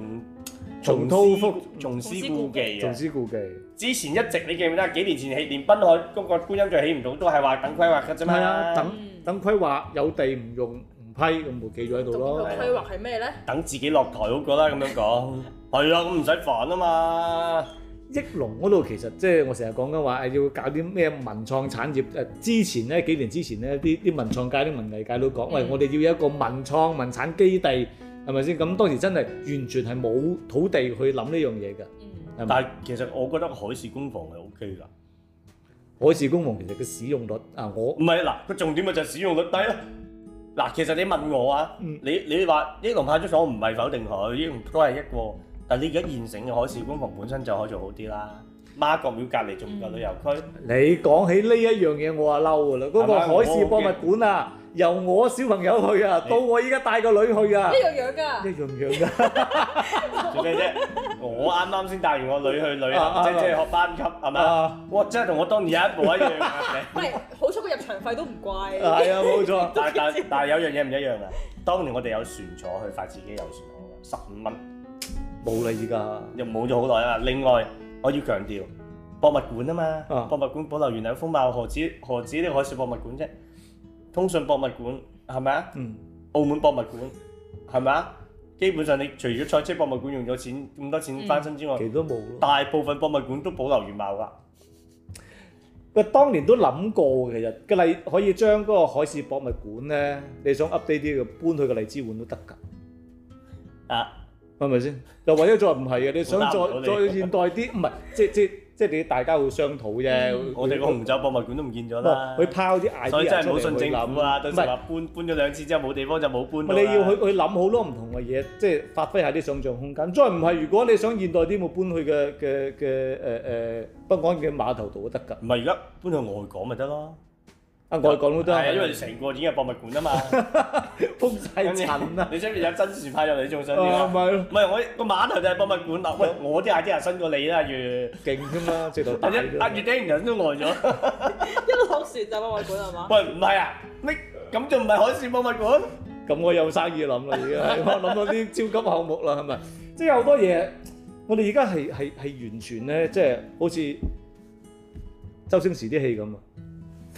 重蹈覆重施故技，重施故技。之前一直你記唔記得？幾年前起連濱海嗰個觀音就起唔到，都係話等規劃嘅啫嘛。係啊，等等規劃有地唔用唔批，咁咪記咗喺度咯。等規劃係咩咧？等自己落台好過啦，咁樣講。係啊，咁唔使煩啊嘛。益隆嗰度其實即係我成日講緊話，要搞啲咩文創產業。誒，之前咧幾年之前咧，啲啲文創界啲文藝界都講，喂，我哋要有一個文創文產基地。係咪先？咁當時真係完全係冇土地去諗呢樣嘢嘅。但係其實我覺得海事工房係 OK 㗎。海事工房其實嘅使用率啊，我唔係嗱，個重點咪就係使用率低咯。嗱、啊，其實你問我啊，你你話益隆派出所唔係否定佢，益隆都係一個。但係你而家現成嘅海事工房本身就可以做好啲啦。媽閣廟隔離仲唔夠旅遊區？嗯、你講起呢一樣嘢，我話嬲㗎啦！嗰、那個海事博物館啊！由我小朋友去啊，到我依家帶個女去啊，一樣樣噶，一樣樣噶，做咩啫？我啱啱先帶完我女去，旅行，即係學班級係咪？我即係同我當年一模一樣嘅。喂，好彩個入場費都唔貴。係啊，冇錯。但但但有樣嘢唔一樣嘅，當年我哋有船坐去發自己有船，十五蚊。冇啦，而家又冇咗好耐啦。另外，我要強調，博物館啊嘛，博物館保留原嚟嘅風貌，何止何止啲海事博物館啫？通訊博物館係咪啊？嗯，澳門博物館係咪啊？基本上，你除咗賽車博物館用咗錢咁多錢翻新之外，其他都冇，大部分博物館都保留原貌㗎。喂，當年都諗過，其實個例可以將嗰個海事博物館咧，你想 update 啲，搬去個荔枝碗都得㗎。啊是是，係咪先？又或者再唔係嘅，你想再你再現代啲，唔係即即。即即即係你大家會商討啫，嗯、他我哋個紅酒博物館都唔見咗啦。佢拋啲 idea 真係冇信政府啊！到想是時話搬搬咗兩次之後冇是地方就冇搬。你要去去諗好多唔同嘅嘢，即係發揮下啲想像空間。再唔係如果你想現代啲，冇搬去嘅嘅嘅誒誒北安嘅碼頭度都得㗎。唔係而家搬去外港咪得咯？啊！我講都得，係啊，因為成個已經係博物館啊嘛，撲曬塵啊！你想邊有真船派入嚟，你仲想點啊？唔係我個碼頭就係博物館啦。喂，我啲 idea 新過你啦，阿月勁㗎嘛，直頭大咗。阿阿月啲人都呆咗，一落船就博物館係嘛？喂，唔係啊，你咁就唔係海事博物館。咁我有生意諗啦，而家諗到啲超級項目啦，係咪？即係好多嘢，我哋而家係係係完全咧，即係好似周星馳啲戲咁啊！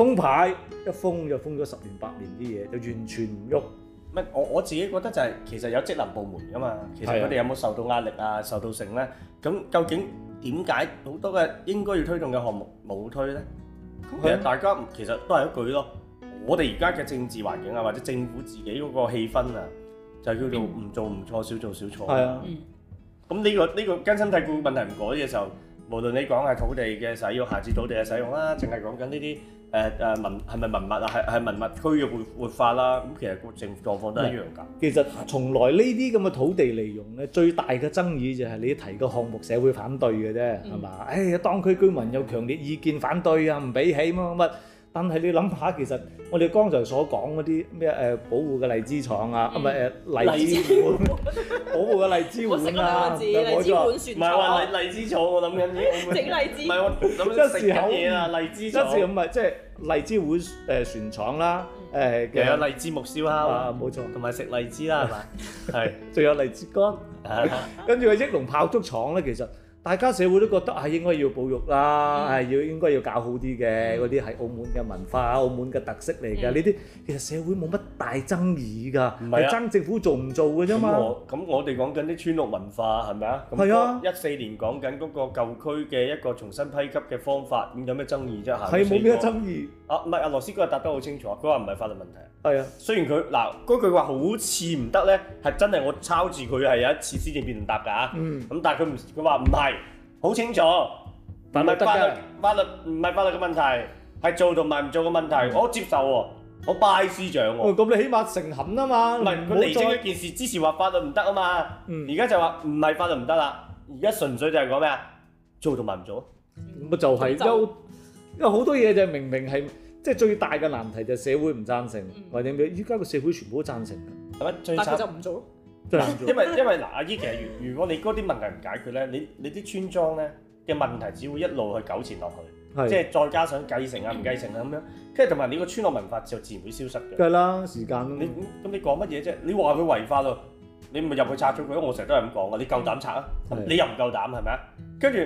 封牌一封就封咗十年八年，啲嘢就完全唔喐，乜我我自己覺得就係其實有職能部門㗎嘛，其實佢哋有冇受到壓力啊，受到性咧？咁究竟點解好多嘅應該要推動嘅項目冇推咧？其實大家其實都係一句咯，我哋而家嘅政治環境啊，或者政府自己嗰個氣氛啊，就係叫做唔做唔錯，少做少錯。係啊，咁呢個呢個根深蒂固問題唔改嘅時候。無論你講係土地嘅使用、閒置土地嘅使用啦，淨係講緊呢啲誒誒文係咪文物啊？係係文物區嘅活活化啦，咁其實政狀況都係一樣㗎。其實從來呢啲咁嘅土地利用咧，最大嘅爭議就係你提個項目社會反對嘅啫，係嘛？哎呀，當區居民有強烈意見反對啊，唔俾起乜乜。但係你諗下，其實我哋剛才所講嗰啲咩誒保護嘅荔枝廠啊，唔係誒荔枝碗，保護嘅荔枝碗啦，唔係話荔荔枝廠，我諗緊嘢整荔枝，唔係我諗緊食嘢啊，荔枝草，一次唔係即係荔枝碗誒船廠啦，誒又有荔枝木燒烤啊，冇錯，同埋食荔枝啦，係咪？係，仲有荔枝乾，跟住個益隆炮竹廠咧，其實。大家社會都覺得啊，應該要保育啦，係要、嗯、應該要搞好啲嘅，嗰啲係澳門嘅文化、澳門嘅特色嚟㗎。呢啲、嗯、其實社會冇乜大爭議㗎，係爭、啊、政府做唔做㗎啫嘛。咁、嗯、我哋講緊啲村落文化係咪啊？係啊。一四年講緊嗰個舊區嘅一個重新批給嘅方法，咁有咩爭議啫？係冇咩爭議。啊，唔係，阿羅司嗰個答得好清楚，佢話唔係法律問題。係啊的，雖然佢嗱嗰句話好似唔得咧，係真係我抄住佢係有一次施政辯論答嘅嗯。咁但係佢唔佢話唔係，好清楚，唔係法律法律唔係法律嘅問題，係做同埋唔做嘅問題。嗯、我接受喎、啊，我拜司長喎、啊。咁、哦、你起碼誠懇啊嘛，唔係佢而家一件事之前話法律唔得啊嘛，而家、嗯、就話唔係法律唔得啦，而家純粹就係講咩啊？做同埋唔做啊？咪、嗯、就係因因為好多嘢就明明係。即係最大嘅難題就係社會唔贊成，或者咩？依家個社會全部都贊成，係咪？最差就唔做咯。因為因為嗱，阿姨其實如如果你嗰啲問題唔解決咧，你你啲村莊咧嘅問題只會一路去糾纏落去，即係再加上繼承啊、唔繼承啊咁樣，跟住同埋你個村落文化就自然會消失嘅。梗係啦，時間。咁你講乜嘢啫？你話佢違法咯？你咪入去拆咗佢咯！我成日都係咁講嘅。你夠膽拆啊？你又唔夠膽係咪啊？跟住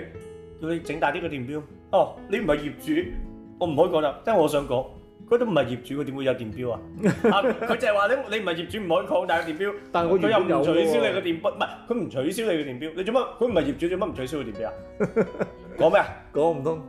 叫你整大啲個電表。哦，你唔係業主。我唔可以講啦，即係我想講，佢都唔係業主，佢點會有電表啊？佢 就係話你你唔係業主，唔可以擴大個電表，但係佢又唔取消你個電，唔係佢唔取消你個電表，你做乜？佢唔係業主做乜唔取消佢電表啊？講咩啊？講唔 通。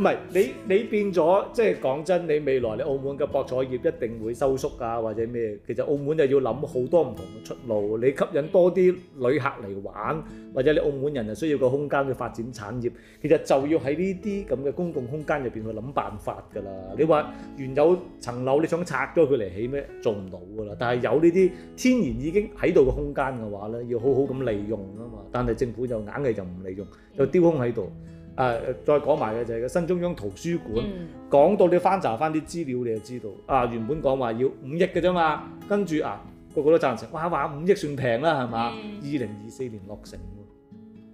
唔係你，你變咗即係講真，你未來你澳門嘅博彩業一定會收縮啊，或者咩？其實澳門就要諗好多唔同嘅出路。你吸引多啲旅客嚟玩，或者你澳門人就需要個空間去發展產業。其實就要喺呢啲咁嘅公共空間入邊去諗辦法㗎啦。你話原有層樓你想拆咗佢嚟起咩？做唔到㗎啦。但係有呢啲天然已經喺度嘅空間嘅話咧，要好好咁利用吖嘛。但係政府就硬係就唔利用，就丟空喺度。啊！再講埋嘅就係、是、個新中央圖書館，講、嗯、到你翻查翻啲資料，你就知道。啊，原本講話要五億嘅啫嘛，跟住啊，個個都贊成。哇，話五億算平啦，係嘛？二零二四年落成，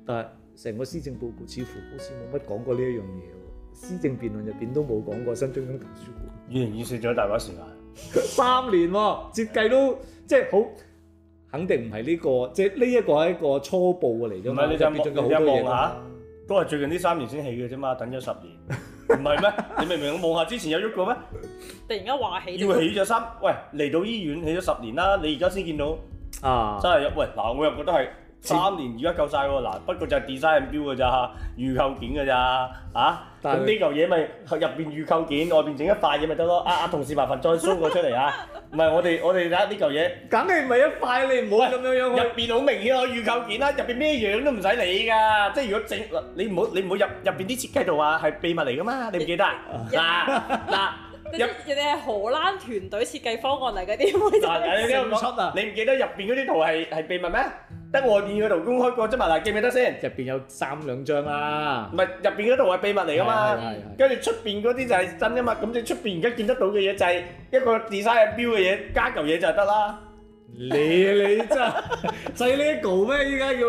但係成個施政報告似乎好似冇乜講過呢一樣嘢喎。施政辯論入邊都冇講過新中央圖書館。已經預算咗大把時間， 三年喎，啊，設計都即係好肯定唔係呢個，即係呢一個係一個初步嘅嚟啫嘛，即係變進咗好多嘢啦。這都係最近呢三年先起嘅啫嘛，等咗十年，唔係咩？ 你明唔明我望下之前有喐過咩？ 突然間話起，要起咗三，喂，嚟到醫院起咗十年啦，你而家先見到，啊，真係，喂，嗱，我又覺得係。三年而家夠曬喎，嗱，不過就係 design 表㗎咋，預購件㗎咋嚇。咁呢嚿嘢咪入邊預購件，外邊整一塊嘢咪得咯。阿阿同事，麻煩再 show 個出嚟嚇。唔係我哋我哋睇下呢嚿嘢，梗係唔係一塊？你唔好咁樣樣，入邊好明顯，我預購件啦，入邊咩樣都唔使理㗎。即係如果整你唔好，你唔好入入邊啲設計圖啊，係秘密嚟㗎嘛？你唔記得啊？嗱嗱，入入係荷蘭團隊設計方案嚟嘅啲，你唔記得入邊嗰啲圖係係秘密咩？得外邊嗰套公開過啫嘛，記唔記得先？入 邊樂有三兩張啦、啊。唔係入邊嗰套係秘密嚟㗎嘛，跟住出面嗰啲就係真㗎嘛。咁即出面而家見得到嘅嘢就係一個 design 表嘅嘢加嚿嘢就得啦。你你真制呢個咩？依家叫你，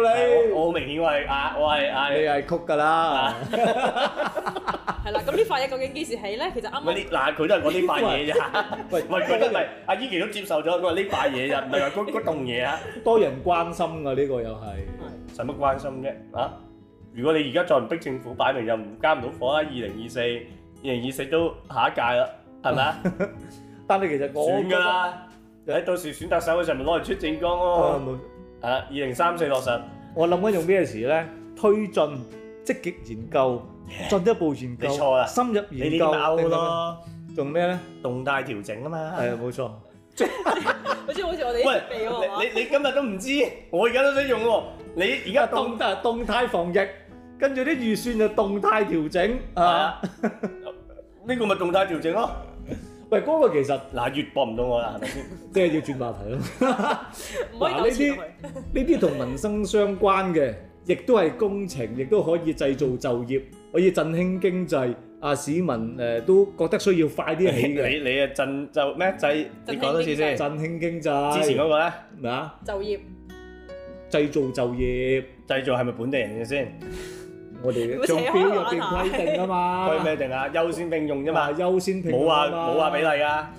我明顯係阿我係阿阿曲噶啦。係啦，咁呢塊嘢究竟幾時起咧？其實啱啱嗱，佢都係講呢塊嘢咋。喂，佢都係阿依琪都接受咗，佢話呢塊嘢咋，唔係話嗰嗰棟嘢啊。多人關心啊，呢個又係使乜關心啫？啊，如果你而家再唔逼政府擺明又唔加唔到火啦，二零二四、二零二四都下一屆啦，係咪啊？但係其實講㗎啦。喺到時選特首嘅上面攞嚟出政綱咯。啊，二零三四落實。我諗緊用咩詞咧？推進、積極研究、進一步研究。你錯啦，深入研究咯。仲咩咧？動態調整啊嘛。係啊，冇錯。好似好似我哋喂，你你今日都唔知，我而家都想用喎。你而家動態動態防疫，跟住啲預算就動態調整啊。呢個咪動態調整咯。喂，哥啊，其實嗱，越駁唔到我啦，即係要轉話題咯。嗱，呢啲呢啲同民生相關嘅，亦都係工程，亦都可以製造就業，可以振興經濟。啊，市民誒都覺得需要快啲起嚟。你你啊振就咩製？你講多次先。振興經濟。之前嗰個咧，咩啊？就業。製造就業，製造係咪本地人嘅先？我哋條條約入邊規定啊嘛，咩定 啊，優先聘用啫嘛，優先聘用啊冇啊，冇話比例啊。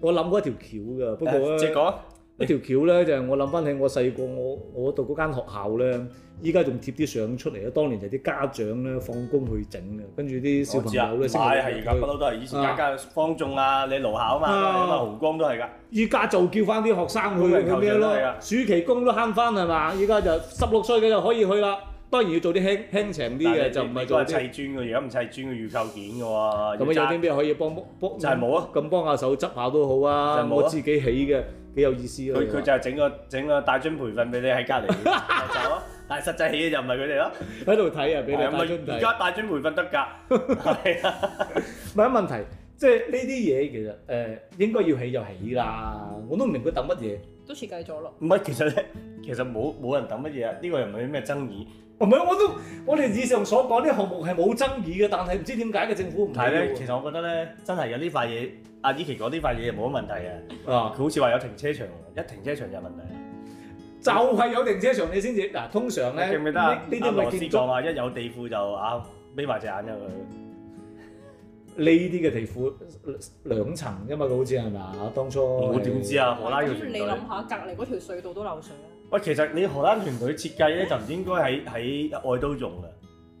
我諗過一條橋噶，不過啊，直講說，一條橋咧就係、我諗翻起我細個，我我讀嗰間學校咧，依家仲貼啲相出嚟咧。當年就啲家長咧放工去整嘅，跟住啲小朋友咧，係係咁，不嬲都係以前家家方縱啊，你勞校啊嘛，你話濠江都係噶。依家就叫翻啲學生去咁樣咯？麼暑期工都慳翻係嘛？依家就十六歲嘅就可以去啦。當然要做啲輕，輕輕長啲嘅，你就唔係再砌磚嘅，而家唔砌磚嘅預購件嘅喎。咁紮有啲咩可以幫幫？就係冇啊！咁幫，幫下手執下都好啊！就我自己起嘅，幾有意思咯，啊。佢佢它說就係整個整個大專培訓俾你喺隔離。 就，就 啊！但係實際起嘅就唔係佢哋咯，喺度睇啊，俾你。大專睇。而家大專培訓得㗎。係啊。冇問題？即係呢啲嘢其實誒、呃、應該要起就起啦，我都唔明佢等乜嘢，都設計咗啦。唔係，其實咧，其實冇冇人等乜嘢啊？呢、這個又唔係咩爭議。唔係、啊，我都我哋以上所講啲項目係冇爭議嘅，但係唔知點解嘅政府唔係咧。其實我覺得咧，真係有呢塊嘢，阿依琪講呢塊嘢冇乜問題嘅。哦、啊，佢好似話有停車場喎，一停車場就問題。就係有停車場你先至嗱，通常咧記唔記得呢、啊、啲、啊、羅斯講啊，一有地庫就啊，眯埋隻眼入去。呢啲嘅地庫兩層，因為佢好似係咪，當初我點知啊？荷蘭團隊，咁你諗下，隔離嗰條隧道都漏水啊！喂，其實你荷蘭團隊設計咧，就唔應該喺喺愛都用嘅，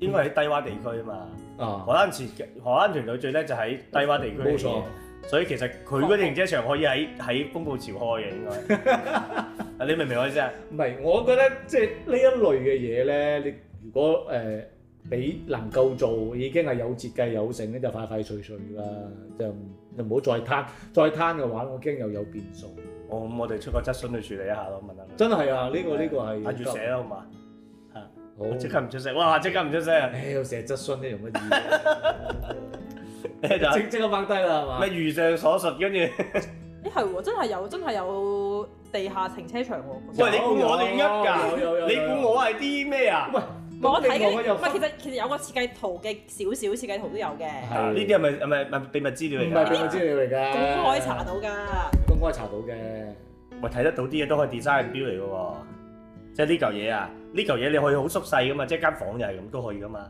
應該喺低洼地區啊嘛。啊荷！荷蘭設荷蘭團隊最叻就喺低洼地區。冇錯。所以其實佢嗰停車場可以喺喺風暴潮開嘅，應該。 你明唔明我意思啊？唔係，我覺得即係呢一類嘅嘢咧，你如果誒。呃俾能夠做已經係有設計有成，咧，就快快脆脆啦，就就唔好再攤再攤嘅話，我驚又有變數。我咁我哋出個質詢去處理一下咯，問下你。真係啊，呢個呢個係。壓住寫啦，好嘛？嚇！即刻唔出聲！哇！即刻唔出聲！要寫質詢要用乜字？即即刻掹低啦，係嘛？咩？如上所述，跟住。咦係真係有真係有地下停車場喎。喂，你估我哋一㗎？你估我係啲咩啊？喂！看我睇嘅，其實有個設計圖嘅少少設計圖都有嘅。係的，呢啲係咪係咪秘密資料嚟？唔係秘密資料嚟㗎，公開可以查到㗎。公開查到嘅，我睇得到啲嘢都可以 design 標嚟㗎喎，即係呢嚿嘢啊，呢嚿嘢你可以好縮細㗎嘛，即係間房又係咁都可以㗎嘛。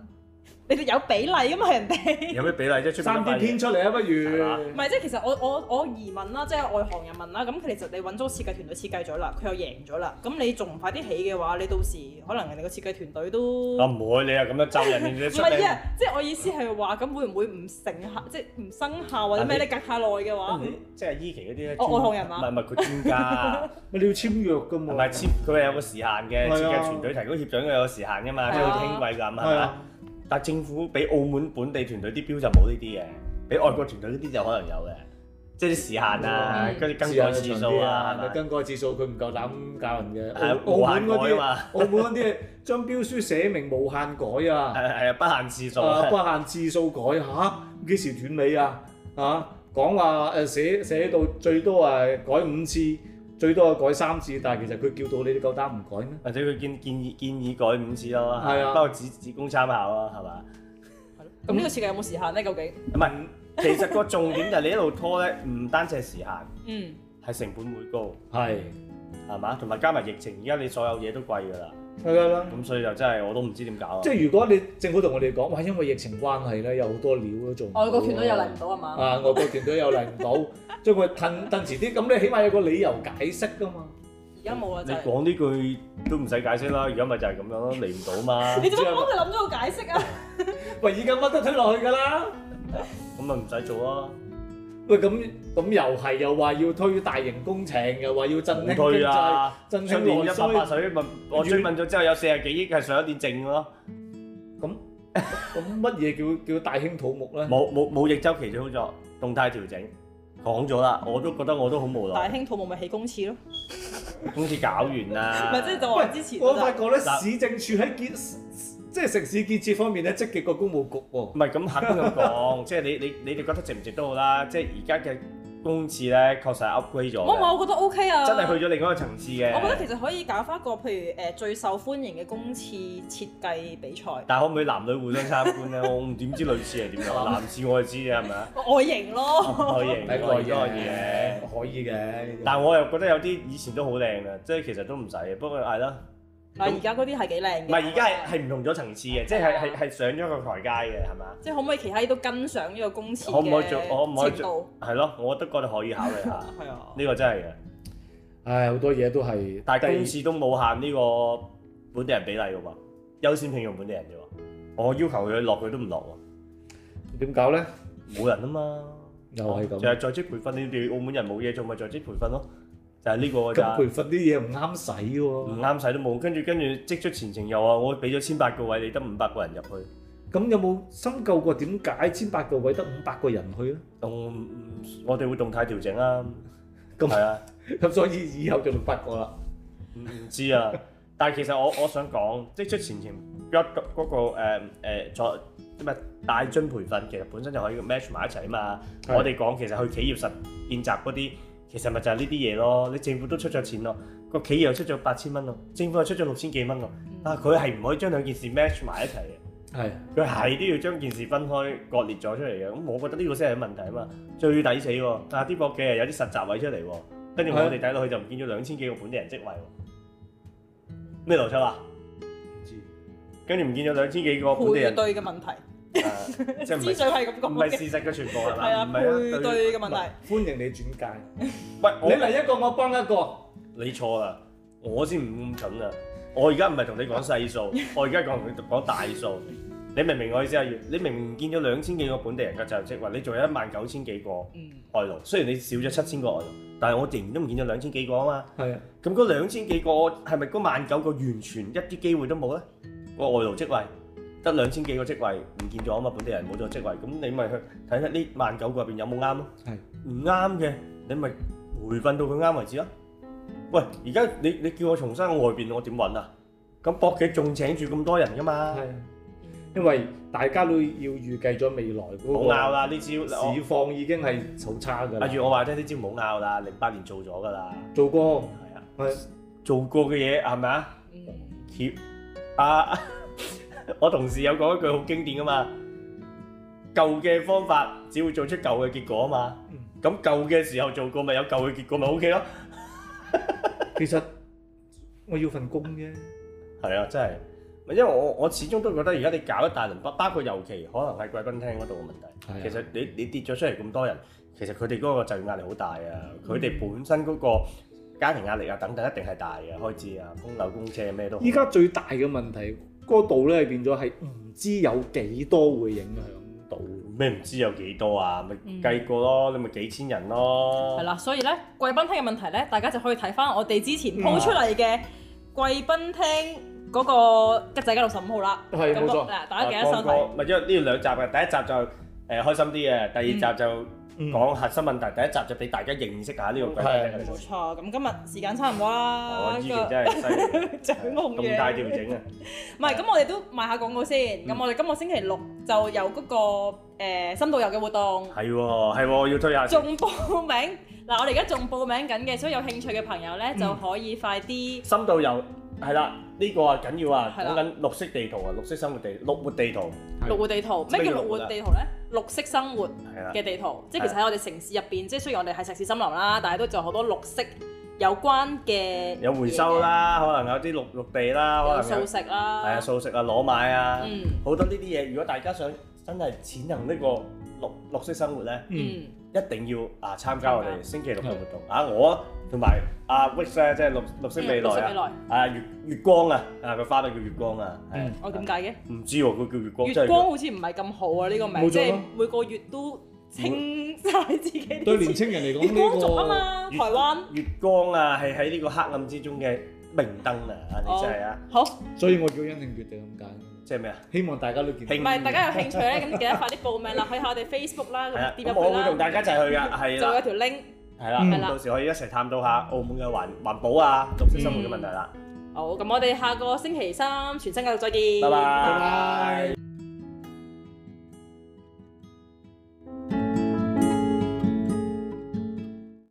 你哋有比例啊嘛，人哋有咩比例啫？三點天出嚟啊，不如唔係即係其實我我我疑問啦，即係外行人問啦。咁其實你揾咗設計團隊設計咗啦，佢又贏咗啦。咁你仲唔快啲起嘅話，你到時可能人哋個設計團隊都啊唔會，你又咁樣咒人哋。唔係啊，即係我意思係話，咁會唔會唔成效，即係唔生效或者咩？你隔下耐嘅話，即係依期嗰啲外行人啊，唔係唔係佢專家，你要簽約㗎嘛？唔係簽，佢係有個時限嘅設計團隊提供協助有個時限㗎嘛，即係好似輕軌咁係咪？但政府俾澳門本地團隊啲標就冇呢啲嘅，俾外國團隊呢啲就可能有嘅，即係啲時限啊，跟住更改次數啊，係咪更改次數佢唔夠膽教人嘅，澳澳門嗰啲，澳門嗰啲將標書寫明無限改啊，係係啊，不限次數，啊，不限次數改嚇，幾時斷尾啊？嚇，講話誒寫寫到最多係改五次。最多改三次，但係其實佢叫到你啲夠膽唔改咩？或者佢建建議建議改五次咯，不過只只供參考咯，係嘛？咁呢個設計有冇時限咧？ 究竟？唔係，其實個重點就係你一路拖咧，唔單止係時限，嗯，係成本會高，係係嘛？同埋加埋疫情，而家你所有嘢都貴㗎啦。係啦，咁所以就真係我都唔知點搞。即係如果你政府同我哋講，哇，因為疫情關係咧，有好多料都做，啊、外國團隊又嚟唔到係嘛？啊， 外國團隊又嚟唔到，將佢褪褪遲啲，咁你起碼有個理由解釋㗎嘛？而家冇啦。就是、你講啲句都唔使解釋啦，而家咪就係咁樣咯，嚟唔到嘛。 你點講佢諗咗個解釋啊？喂，而家乜都推落去㗎啦，咁咪唔使做啊。喂，咁咁又係，又話要推大型工程又話要振興經濟，上年一百八十億，我追問咗之後有四十幾億係上一年剩咯。咁咁乜嘢叫叫大興土木咧？冇冇冇逆週期操作，動態調整講咗啦，我都覺得我都好無奈。大興土木咪起公廁咯， 公廁搞完啦。唔係即係之前，我發覺咧市政處喺建。即係城市建設方面咧，積極過工務局喎、哦。唔係咁客觀咁講， 即係你你你哋覺得值唔值都好啦。即係而家嘅公廁咧，確實係 upgrade 咗。唔我覺得 OK 啊。真係去咗另一個層次嘅、嗯。我覺得其實可以搞翻個譬如誒最受歡迎嘅公廁設計比賽。但可唔可以男女互相參觀咧？ 我唔點 知女廁係點樣，男廁我就知嘅，係咪啊？外形咯。 外形，睇外嘢型，可以嘅。因為 但我又覺得有啲以前都好靚嘅，即係其實都唔使嘅。不過係啦。嗱，而家嗰啲係幾靚嘅，唔係而家係係唔同咗層次嘅，即係係係上咗個台階嘅，係嘛？即係可唔可以其他都跟上呢個公司嘅程度？可唔可以做？可唔可以做？係咯，我都覺得可以考慮下。係啊，呢個真係嘅。唉，好多嘢都係，大家件事都冇限呢個本地人比例喎，優先聘用本地人啫喎。我要求佢落，佢都唔落喎。點搞咧？冇人啊嘛，又係咁，就係在職培訓。你哋澳門人冇嘢做，咪在職培訓咯。但係呢個啊，咁培訓啲嘢唔啱使喎，啊，唔啱使都冇。跟住跟住積出前程又話我俾咗千八個位，你得五百個人入去。咁有冇深究過點解千八個位得五百個人去啊？動、嗯，我哋會動態調整啊。咁係、嗯、啊、咁、嗯、所以以後就會發覺啦。唔知啊，但係其實我我想講積出前程一、那、嗰個誒誒、呃呃、大樽培訓，其實本身就可以 match 埋一齊啊嘛。是的 我哋講其實去企業實見習嗰啲。其實咪就係呢啲嘢咯，你政府都出咗錢咯，個企業又出咗八千蚊咯，政府又出咗六千幾蚊喎，啊佢係唔可以將兩件事 match 埋一齊嘅，係佢係都要將件事分開割裂咗出嚟嘅，咁我覺得呢個先係問題啊嘛，最抵死喎，啊啲國企又有啲實習位出嚟喎，跟住我哋睇落去就唔見咗兩千幾個本地人職位喎，咩邏輯啊？唔知，跟住唔見咗兩千幾個本地人。配對嘅問題。資訊係咁講，唔係事實嘅傳播啊，係啊，背對嘅問題。歡迎你轉介，喂，你嚟一個我幫一個。你錯啦，我先唔咁蠢啦。我而家唔係同你講細數，我而家講講大數。你明唔明我意思啊？你明唔見咗兩千幾個本地人嘅就職位，話你仲有一萬九千幾個外勞。雖然你少咗七千個外勞，但係我仍然都唔見咗兩千幾個啊嘛。係啊。咁嗰兩千幾個係咪嗰萬九個完全一啲機會都冇咧？個外勞職位？得兩千幾個職位唔見咗啊嘛，本地人冇咗職位，咁你咪去睇下呢萬九個入邊有冇啱咯。係唔啱嘅，你咪培訓到佢啱為止咯。喂，而家你你叫我重新外邊，我點揾啊？咁博企仲請住咁多人噶嘛？係，因為大家都要預計咗未來嗰個。冇拗啦，呢招市況已經係好差噶啦。阿如我話齋，呢招唔好拗啦，零八年做咗噶啦。做過係啊，做過嘅嘢係咪啊？協啊！我同事有講一句好經典㗎嘛，舊嘅方法只會做出舊嘅結果啊嘛。咁舊嘅時候做過咪有舊嘅結果咪 OK 咯。其實我要份工啫。係啊，真係，因為我我始終都覺得而家你搞一大輪，包包括尤其可能喺貴賓廳嗰度嘅問題。其實你你跌咗出嚟咁多人，其實佢哋嗰個就業壓力好大啊。佢哋本身嗰個家庭壓力啊等等，一定係大嘅開支啊，供樓供車咩都。依家最大嘅問題。嗰度咧變咗係唔知有幾多會影響到。咩唔知有幾多啊？咪計過咯，你咪幾千人咯。係啦，所以咧貴賓廳嘅問題咧，大家就可以睇翻我哋之前鋪出嚟嘅貴賓廳嗰個吉仔街六十五號啦。係，冇錯。大家記得收睇。咪因為呢兩集嘅第一集就誒開心啲嘅，第二集就講核心問題，第一集就俾大家認識下呢個鬼。冇錯，咁今日時間差唔多啦。我之前真係犀利，咁大調整啊！唔係，咁我哋都賣下廣告先。咁我哋今個星期六就有嗰個誒深度遊嘅活動。係喎，係喎，要推下。仲報名嗱，我哋而家仲報名緊嘅，所以有興趣嘅朋友咧就可以快啲。深度遊。係啦，呢個啊緊要啊，講緊綠色地圖啊，綠色生活地，綠活地圖，綠活地圖。咩叫綠活地圖咧？綠色生活嘅地圖，即係其實喺我哋城市入邊，即係雖然我哋係城市森林啦，但係都仲有好多綠色有關嘅。有回收啦，可能有啲綠綠地啦，素食啦，係啊，素食啊，攞賣啊，好多呢啲嘢。如果大家想真係踐行呢個綠綠色生活咧，一定要啊參加我哋星期六嘅活動啊！我同埋阿 Wix 咧，即係綠綠色未來啊！啊月月光啊！啊佢花名叫月光啊！哦，點解嘅？唔知喎，佢叫月光。月光好似唔係咁好啊！呢個名，即係每個月都清曬自己。對年青人嚟講，月光族啊嘛，台灣。月光啊，係喺呢個黑暗之中嘅明燈啊！啊，你真係啊！好，所以我叫恩情決定咁解。即係咩啊？希望大家都見到。唔係，大家有興趣咧，咁記得快啲報名啦，喺下我哋 Facebook 啦，咁點入去啦。我會同大家一齊去噶，係啦。就有條 link。係啦，嗯、到時候可以一齊探討下澳門嘅環環保啊、綠色、嗯、生活嘅問題啦。好，咁我哋下個星期三傳新解毒再見。拜拜。拜拜拜拜。